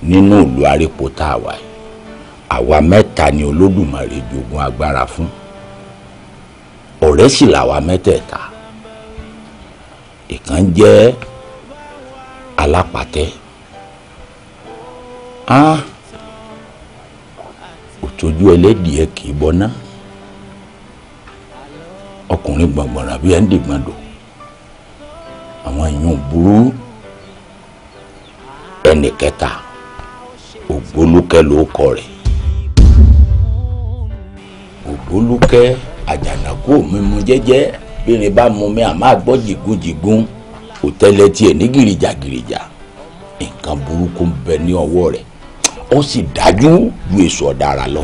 nínú ìlú arípo tá a wà àwa mẹ́ta ni olódùmarè jogun agbára fún ọ̀rẹ́ sì làwa mẹ́tẹ̀ẹ̀ta ìkan jẹ́ alápatẹ́ ah òtójú ẹlẹ́dìẹ kì í bọ́ná ọkùnrin gbọ̀ngbọ̀nràn bíi ẹni dìgbọ̀n dò àwọn èèyàn burú ẹnì kẹta ògbólúkẹ ló kọ rẹ̀ olùkẹ́ àjànàkú mímu jẹ́jẹ́ bírin bá mu mi àmọ́ àgbọ́ jìgúnjìgún òtẹ́lẹ̀ tiẹ̀ ní gìrìjà gìrìjà nǹkan burúkú ń bẹ ní ọwọ́ rẹ̀ ó sì dájú ju èso ọ̀daràn lọ.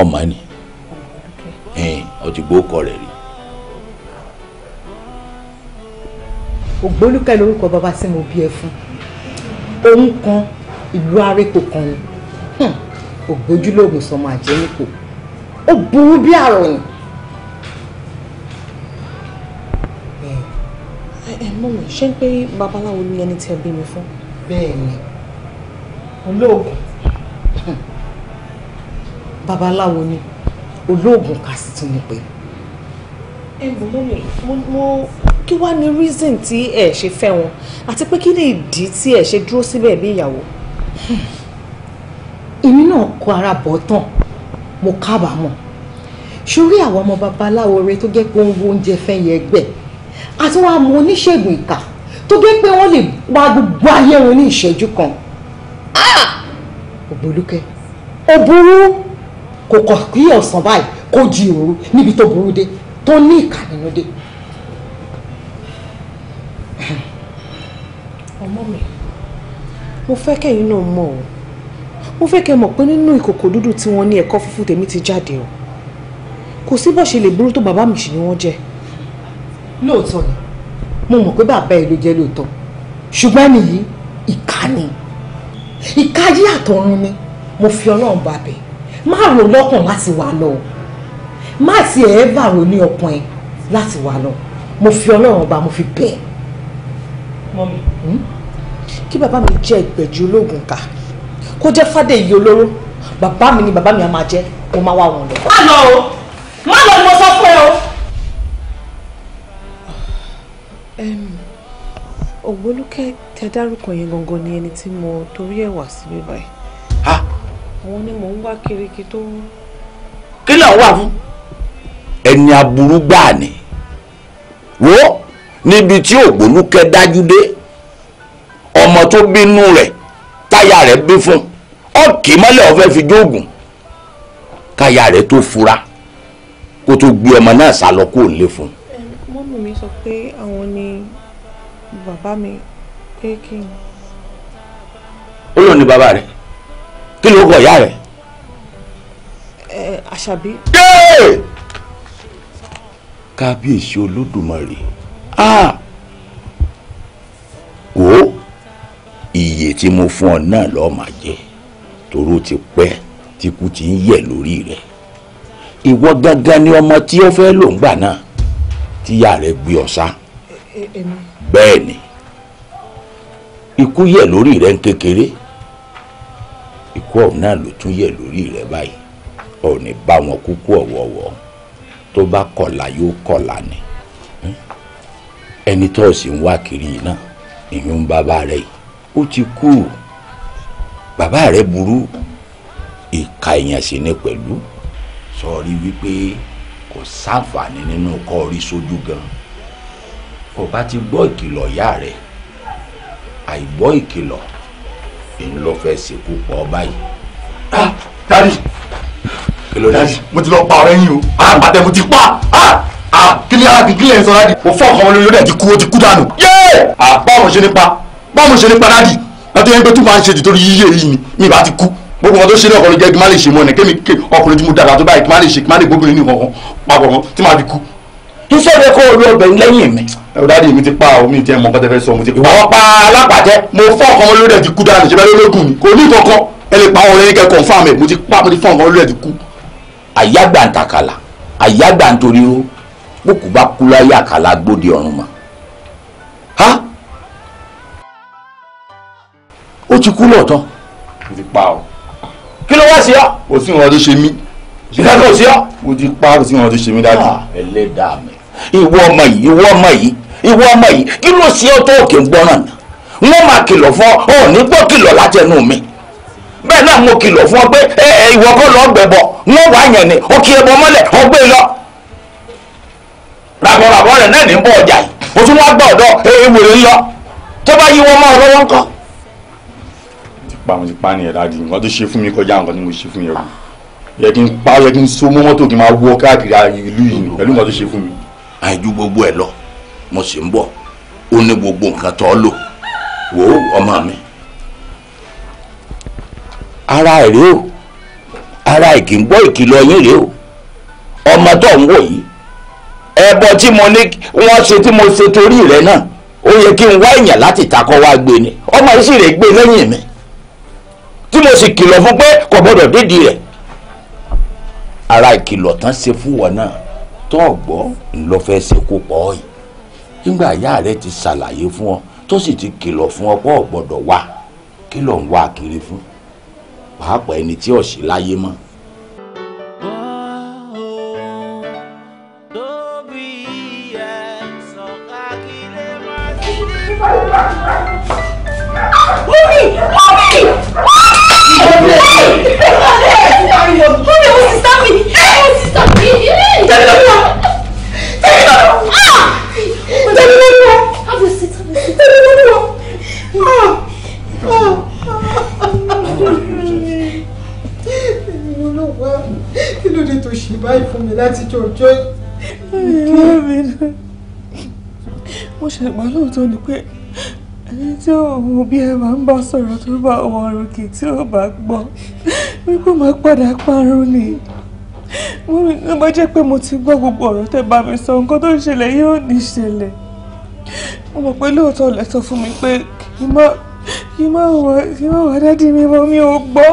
ọmọ ni ó ti gbọ́ kọ rẹ̀ rí. ògbólúkẹ́ lórúkọ bàbá tí mo bí ẹ fún òun kan ìlú arékò kan ni. Hmm ògbójúlógún sọmọ àjẹnìkò ó burú bí àròyìn. ẹ mọ̀mọ́ ṣé ń pé babaláwo ni ẹni tí ẹ bí mi fún. bẹ́ẹ̀ ni olóògùn babaláwo ni olóògùn kà sì tún ni pé. ẹ bò mọ́ mi mo kí wàá ní reason tí ẹ ṣe fẹ́ wọn àti pé kí ni ìdí tí ẹ ṣe dúró síbẹ̀ bí ìyàwó. Hmm èmi náà kọ ara bọ̀ tán mo kábàámọ̀ sórí àwọn ọmọ babaláwo rẹ tó jẹ́ pé ó ń wo oúnjẹ fẹ́yẹ ẹgbẹ́ àti wọn àwọn oníṣègùn ìkà tó jẹ́ pé wọ́n lè gba gbogbo ayé wọn ní ìṣẹ́jú kan ah! ògbólúkẹ́ ó burú kò kọ̀ kí ọ̀sán báyìí kó jí òru níbi tó burú dé tó ní ìkà nínú dé. ọmọ mi mo fẹ́ kẹ́yìn náà mọ̀ ọ́ mo fẹ́ kẹ́ mọ̀ pé nínú ìkòkò dúdú tí wọ́n ní ẹ̀kọ́ funfun tèmi ti jáde o kò sí bó ṣe lè burú tó bàbá mi sì ni wọ́n jẹ́ lóòótọ́ ni mo mọ̀ pé bàbá ẹ ló jẹ́ lóòótọ́ ṣùgbọ́n nìyí ìkà ni ìkà yí àtọ̀run ni mo fi ọlọ́run bá bẹ̀ má rò lọ́kàn láti wà lọ má ti ẹ̀ bà rò ní ọkàn ẹ láti wà lọ mo fi ọlọ́run bá mo fi bẹ̀. mọ́mi hmm? kí bàbá mi jẹ́ ìpẹ̀jù ológun ká kó jẹ́ fàdé yìí olóró bàbá mi ni bàbá mi á máa jẹ́ mo máa wá wọn lọ. má lọ o má lọ ni mo sọ fún ẹ o. ògbólúkẹ́ tẹ dárúkọ yẹn gangan ni ẹni tí mo torí ẹ̀ wá síbí báyìí. àwọn ni mò ń wá kiri tó. kí ló wà fún. ẹni aburú gbáà ni wo níbi tí ògbólúkẹ́ dájú dé ọmọ tó bínú rẹ̀ táyà rẹ̀ bí fún un ọ̀kì mọ́lẹ̀ ọ̀fẹ́ fi jóògùn káyà rẹ̀ tó fura kó tó gbé ọmọ náà sá lọ kó lè fún. mọ́mí mi sọ pé àwọn ni bàbá mi pé kí n. ó lọ ní bàbá rẹ̀ kí ló kọ ìyá rẹ̀. àṣàbí. kábíyèsí olódùmarè ah! wo iye tí mo fún ọ náà lọ́ọ́ máa jẹ́ toró ti pẹ́ tí kú ti ń yẹ̀ lórí rẹ̀ ìwọ gangan ni ọmọ tí ó fẹ́ lò ń gbà náà tíyá rẹ̀ gbé ọ sá e, e, bẹ́ẹ̀ ni ikú yẹ̀ lórí rẹ̀ ń kékeré ikú ọ̀hún náà ló tún yẹ̀ lórí rẹ̀ báyìí ọ̀ọ́nì bá wọn kúkú ọ̀wọ̀ọ̀wọ̀ tó bá kọ̀là yóò kọ̀là ni hmm? ẹni tó sì ń wá kiri náà ìyún bàbá rẹ̀ yìí ó ti kú. Cool bàbá rẹ burú ìka èèyàn sì ni pẹ̀lú sọ̀rí wípé kò sáǹfààní nínú kọ́ orí sójú gan kò bá ti gbọ́ ìkìlọ̀ ìyá rẹ̀ àìgbọ́ ìkìlọ̀ èyí ló fẹ́ ṣekú pa ọ báyìí. dadi ah, dadi mo ti lọ pa ọ̀rẹ́ yín o àpàtẹ ah, mo ti pa ah, kí ni ara kìkìlẹ̀ ń sọ dadi mo fọ́ ọkàn wọn lórí ó dẹ̀ ti kú ó ti kú dànù. báwo ṣe nípa báwo ṣe nípa dadi látọ̀ yẹn pé tó máa ń ṣe jù torí yíyé yìí ni mi bá ti kú gbogbo wọn tó ṣe lọ́kọ̀ọ́ ló jẹ́ kí má lè ṣe mọ́ ni kémi ké ọkùnrin tí mo dàgbà tó báyìí kí má lè ṣe kí má lè gbóbìnrin ní kankan papọ̀ kan tí má fi kú. iṣẹ́ rẹ kó o lu ọbẹ̀ lẹ́yìn mi. ẹ dáàdi èmi ti pa omi tí ẹ mọ nǹkan tẹ fẹ́ sọ mo ti pa. ìwọ pa alápàtẹ. mo fọ́ ọkàn wọn lórí ẹ̀ ti kú dáadáa ṣe bẹ́ẹ̀ lóògùn ni kò ní kankan ẹ lè pa ọ̀rẹ́ kẹ́ confam ẹ̀ mo ti pa mo ti fọ́ ọkàn lórí ẹ̀ ti kú. àyágbà ń takàlà àyágbà ń ó ti kú lóòótọ́. mo ti pa o. kí ló wá sí ọ. kò sí ìwọ̀n tó ṣe mí. ìdá kò sí ọ. mo ti pa kò sí ìwọ̀n tó ṣe mí dájú. Ah. ẹlẹ́dàá mi. ìwọ ọmọ yìí ìwọ ọmọ yìí ìwọ ọmọ yìí kí ló ṣe ọ tó òkè ń gbọ́ràn ni wọ́n máa kìlọ̀ fún ọ ní gbọ́ kìlọ̀ látẹnu mi bẹ́ẹ̀ náà mo kìlọ̀ fún ọ pé ìwọ kọ́ lọ gbẹ̀bọ̀ wọ́n wà yẹn ni ó kí ẹbọ mọ́lẹ̀ ọgbẹ́ e lọ ràbọ̀ràbọ̀ rẹ̀ náà ní bọ̀ ọjà yìí o tún wá gbọ́ ọ̀dọ̀ ewúrẹ́ lọ tó bá yí wọn mọ́ ọ lọ́wọ́ ńkọ́ pa mo ti pa nìyẹn dáàdi nǹkan tó ṣe fún mi kọjá nǹkan tí mo ṣe fún yẹn o yẹ kí n pa yẹ kí n so mọ́ mọ́tò kí n máa wọ káàkiri ìlú yìí pẹ̀lú nǹkan tó ṣe fún mi. àìjú gbogbo ẹ lọ mo sì ń bọ̀ ó ní gbogbo nǹkan tó lò wò ó ọmọ mi. ara ẹ̀ rèé o ara ìkì ń gbọ́ ìkìlọ̀ yín rèé o ọmọ tó ń wò yìí ẹbọ tí mo ní wọ́n ṣe tí mo ṣe torí rẹ̀ náà ó yẹ kí n wá èèyàn láti takọ wá gbé ni ọmọ yìí sì rè gbé lẹ́yìn mi tí mo sì kìlọ̀ fún pé kò gbọ́dọ̀ dédi rẹ̀ ara ìkìlọ̀ tán ṣe fún wọn náà tó ń gbọ́ ńlọ fẹ́ ṣe kó pọ̀ yìí nígbà ìyá rẹ ti ṣàlàyé fún ọ tó sì ti kìlọ̀ fún ọ pọ̀ gbọ́dọ̀ wá kí ló ń wá kiri fún pàápàá ẹni tí ò sí láyé mọ́. Mami! Who mi wọ̀ ó mi wọ sísá mi Tell me mi. tẹ̀lé lórí wa tẹ̀lé lórí wa tẹ̀lé lórí wa tẹ̀lé lórí wa. kí ló dé tó ṣe báyìí fún mi láti jọ ọjọ́ yìí. mo ṣàgbọ́n lóòótọ́ ni pé ẹni tí òun bí ẹ máa ń bá sọ̀rọ̀ tó bá wọn ròkè tí ó bá gbọ́ wípé màá padà parun ni ló bá jẹ́ pé mo ti gbọ́ gbogbo ọ̀rọ̀ tẹ́ bá mi sọ nǹkan tó ń ṣẹlẹ̀ yóò ní ṣẹlẹ̀ mo mọ̀ pé lóòótọ́ lẹ sọ fún mi pé kí má kí má wà kí má wà dádì mi mọ́ mi ò gbọ́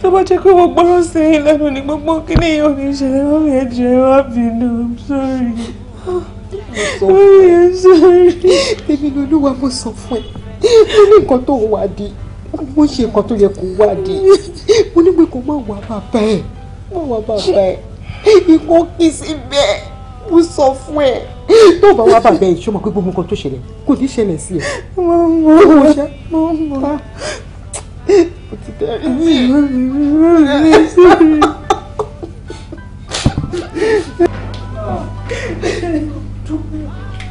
tó bá jẹ́ pé mo gbọ́rọ̀ sí i lẹ́nu ní gbogbo kí ni yóò ní ṣẹlẹ̀ mọ́ mi ẹ̀jẹ̀ wá bínú i'm sorry i'm sorry. èmi lolúwa mo sọ fún ẹ mo ní nǹkan tó wà di wọ́n ṣe nǹkan tó yẹ kó wádìí mo ní pé kó má wà bàbá ẹ̀ má wà bàbá ẹ̀ ikú kì í sí bẹ́ẹ̀ mo sọ fún ẹ tó bá wà bàbá ẹ̀ ṣọmọ pé gbogbo nǹkan tó ṣẹlẹ̀ kò ní ṣẹlẹ̀ sí ẹ. mo mọ mo mọ o ah. ti dẹ́rì sí i. Jókòó,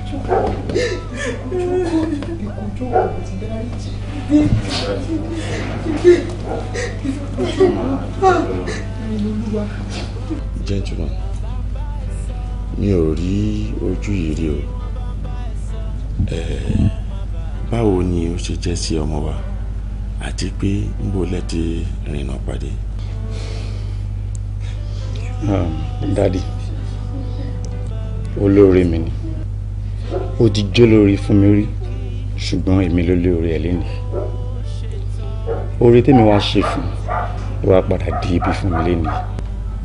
jókòó, jókòó, jókòó, o ti dẹ́rì sí i gentleman mi ò rí ojú yìí rí o báwo ni ó ṣe jẹ́ sí ọmọ wa àti pé ń bo lẹ́tí rìnnà pàdé. Um, dadi olóore mi ni ó ti jólórí fún mi rí ṣùgbọ́n èmi ló lóore ẹ̀ lénìí oore mi wá ṣe fún ẹ wá padà di ibi fún mi lẹ́nu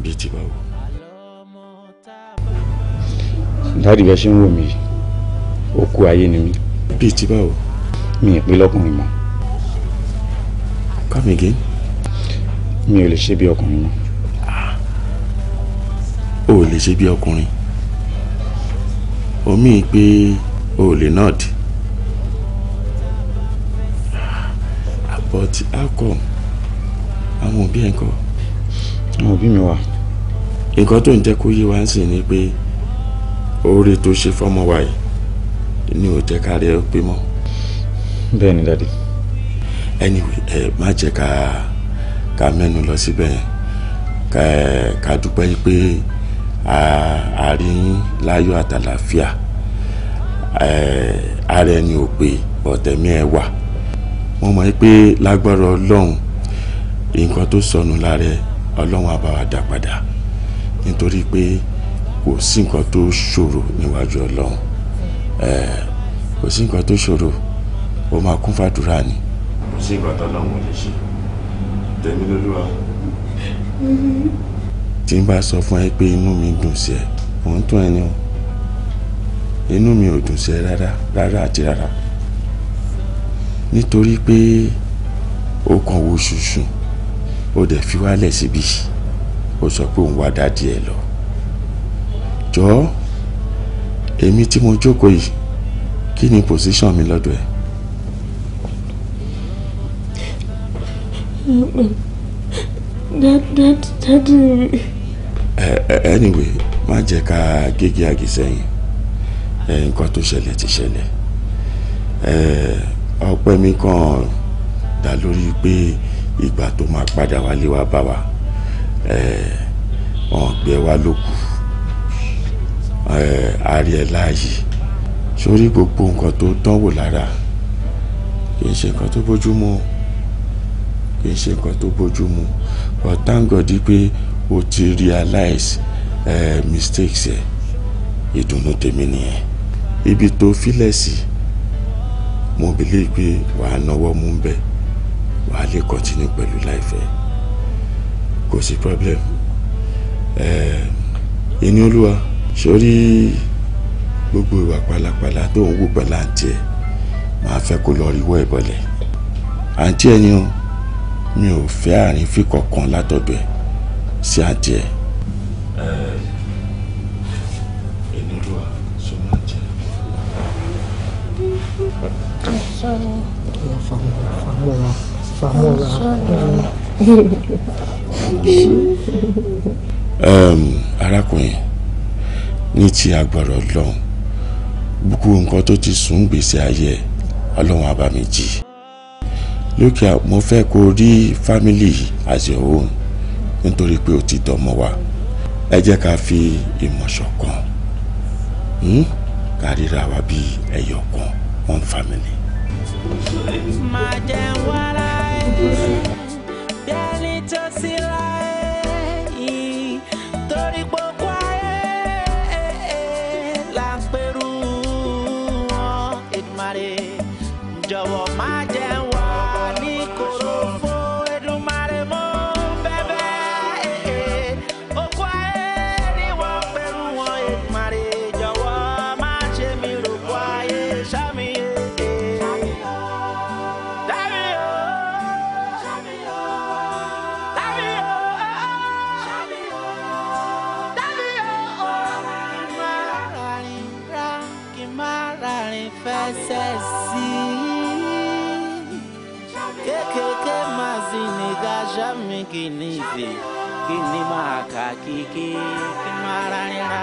bíi ti báwo. dáàdì bẹ́ẹ̀ ṣe ń wò mí òkú ayé ni mí. bíi ti báwo. mi ì pé lọ́kùnrin mọ́. come again. mi ò lè ṣe bí ọkùnrin mọ́. Ah. o ò lè ṣe bí ọkùnrin omi pé o ò lè nọ́ọ̀dì. but how come awon obi en ko awon obi mi wa nkan to nje ko yi wa nsin ni pe ore to se fomo wa yi ni o je ka re pe mo ben daddy anyway ma je ka ka menu si ben ka ka dupe pe a a ri layo atalafia eh are ni o pe but mo mọ̀ pé lágbára ọlọ́run nǹkan tó sọnù lára ọlọ́run á bá wa dá padà nítorí pé kò sí nǹkan tó ṣòro níwájú ọlọ́run kò sí nǹkan tó ṣòro ó máa kún fàdúrà ni. kò sí nǹkan tó lọ́wọ́ lè ṣe tẹ̀mí lólúwa. tí n bá sọ fún ẹ pé inú mi dùn sí ẹ òun tún ẹni o inú mi ò dùn sí ẹ rárá rárá àti rárá nítorí pé ó kàn wo ṣùṣù ó dẹ̀ fi wálẹ̀ síbí ó sọ pé òun wá dádì ẹ̀ lọ jọ èmi tí mo jókòó yìí kí ni pòsíṣàn mi lọ́dọ̀ ẹ̀. dádì mi. anyway má jẹ́ ká gégé àgì sẹ́yìn nǹkan tó ṣẹlẹ̀ ti ṣẹlẹ̀. Uh, ọpẹ́ mi kàn dá lórí pé ìgbà tó máa padà wálé wá bá wa wọn gbé wa ló kù ààrẹ ẹ láàyè sórí gbogbo nǹkan tó dánwò lára kì í ṣe nǹkan tó bójúmu kì í ṣe nǹkan tó bójúmu but thank God pé o ti realize uh, mistakes ẹ ìdùnnú tèmi nìyẹn ibi tó filẹ̀ sí i mo believe pé wàá náwó mú ń bẹ wàá lè continue pẹ̀lú life ẹ kò sí problem ẹni eh, olúwa sórí gbogbo ìwà pálapàla tó ń wù pẹ̀lú àǹtí ẹ màá fẹ́ kó lọ ríwọ́ ìbọ̀lẹ̀ àǹtí ẹ ni o mi ò fẹ́ àárín fíkọ̀ kan látọ̀dọ̀ ẹ sí àǹtí ẹ. But eh, fàmọ́ra fàmọ́ra fàmọ́ra. arákùnrin ní ti agbára ọlọ́run gbogbo nǹkan tó ti sùn gbèsè ayé ọlọ́run abàmì jì lókè mo fẹ́ kó rí fámìlì as your own nítorí pé o ti dọ̀mọ́ wa ẹ jẹ́ ká fi ìmọ̀ ṣọ̀kan hmm? wa bí ẹyọ one family má jẹ́ ń wá láyé bẹ́ẹ̀ ni tó sí láyé kiki kimaraira.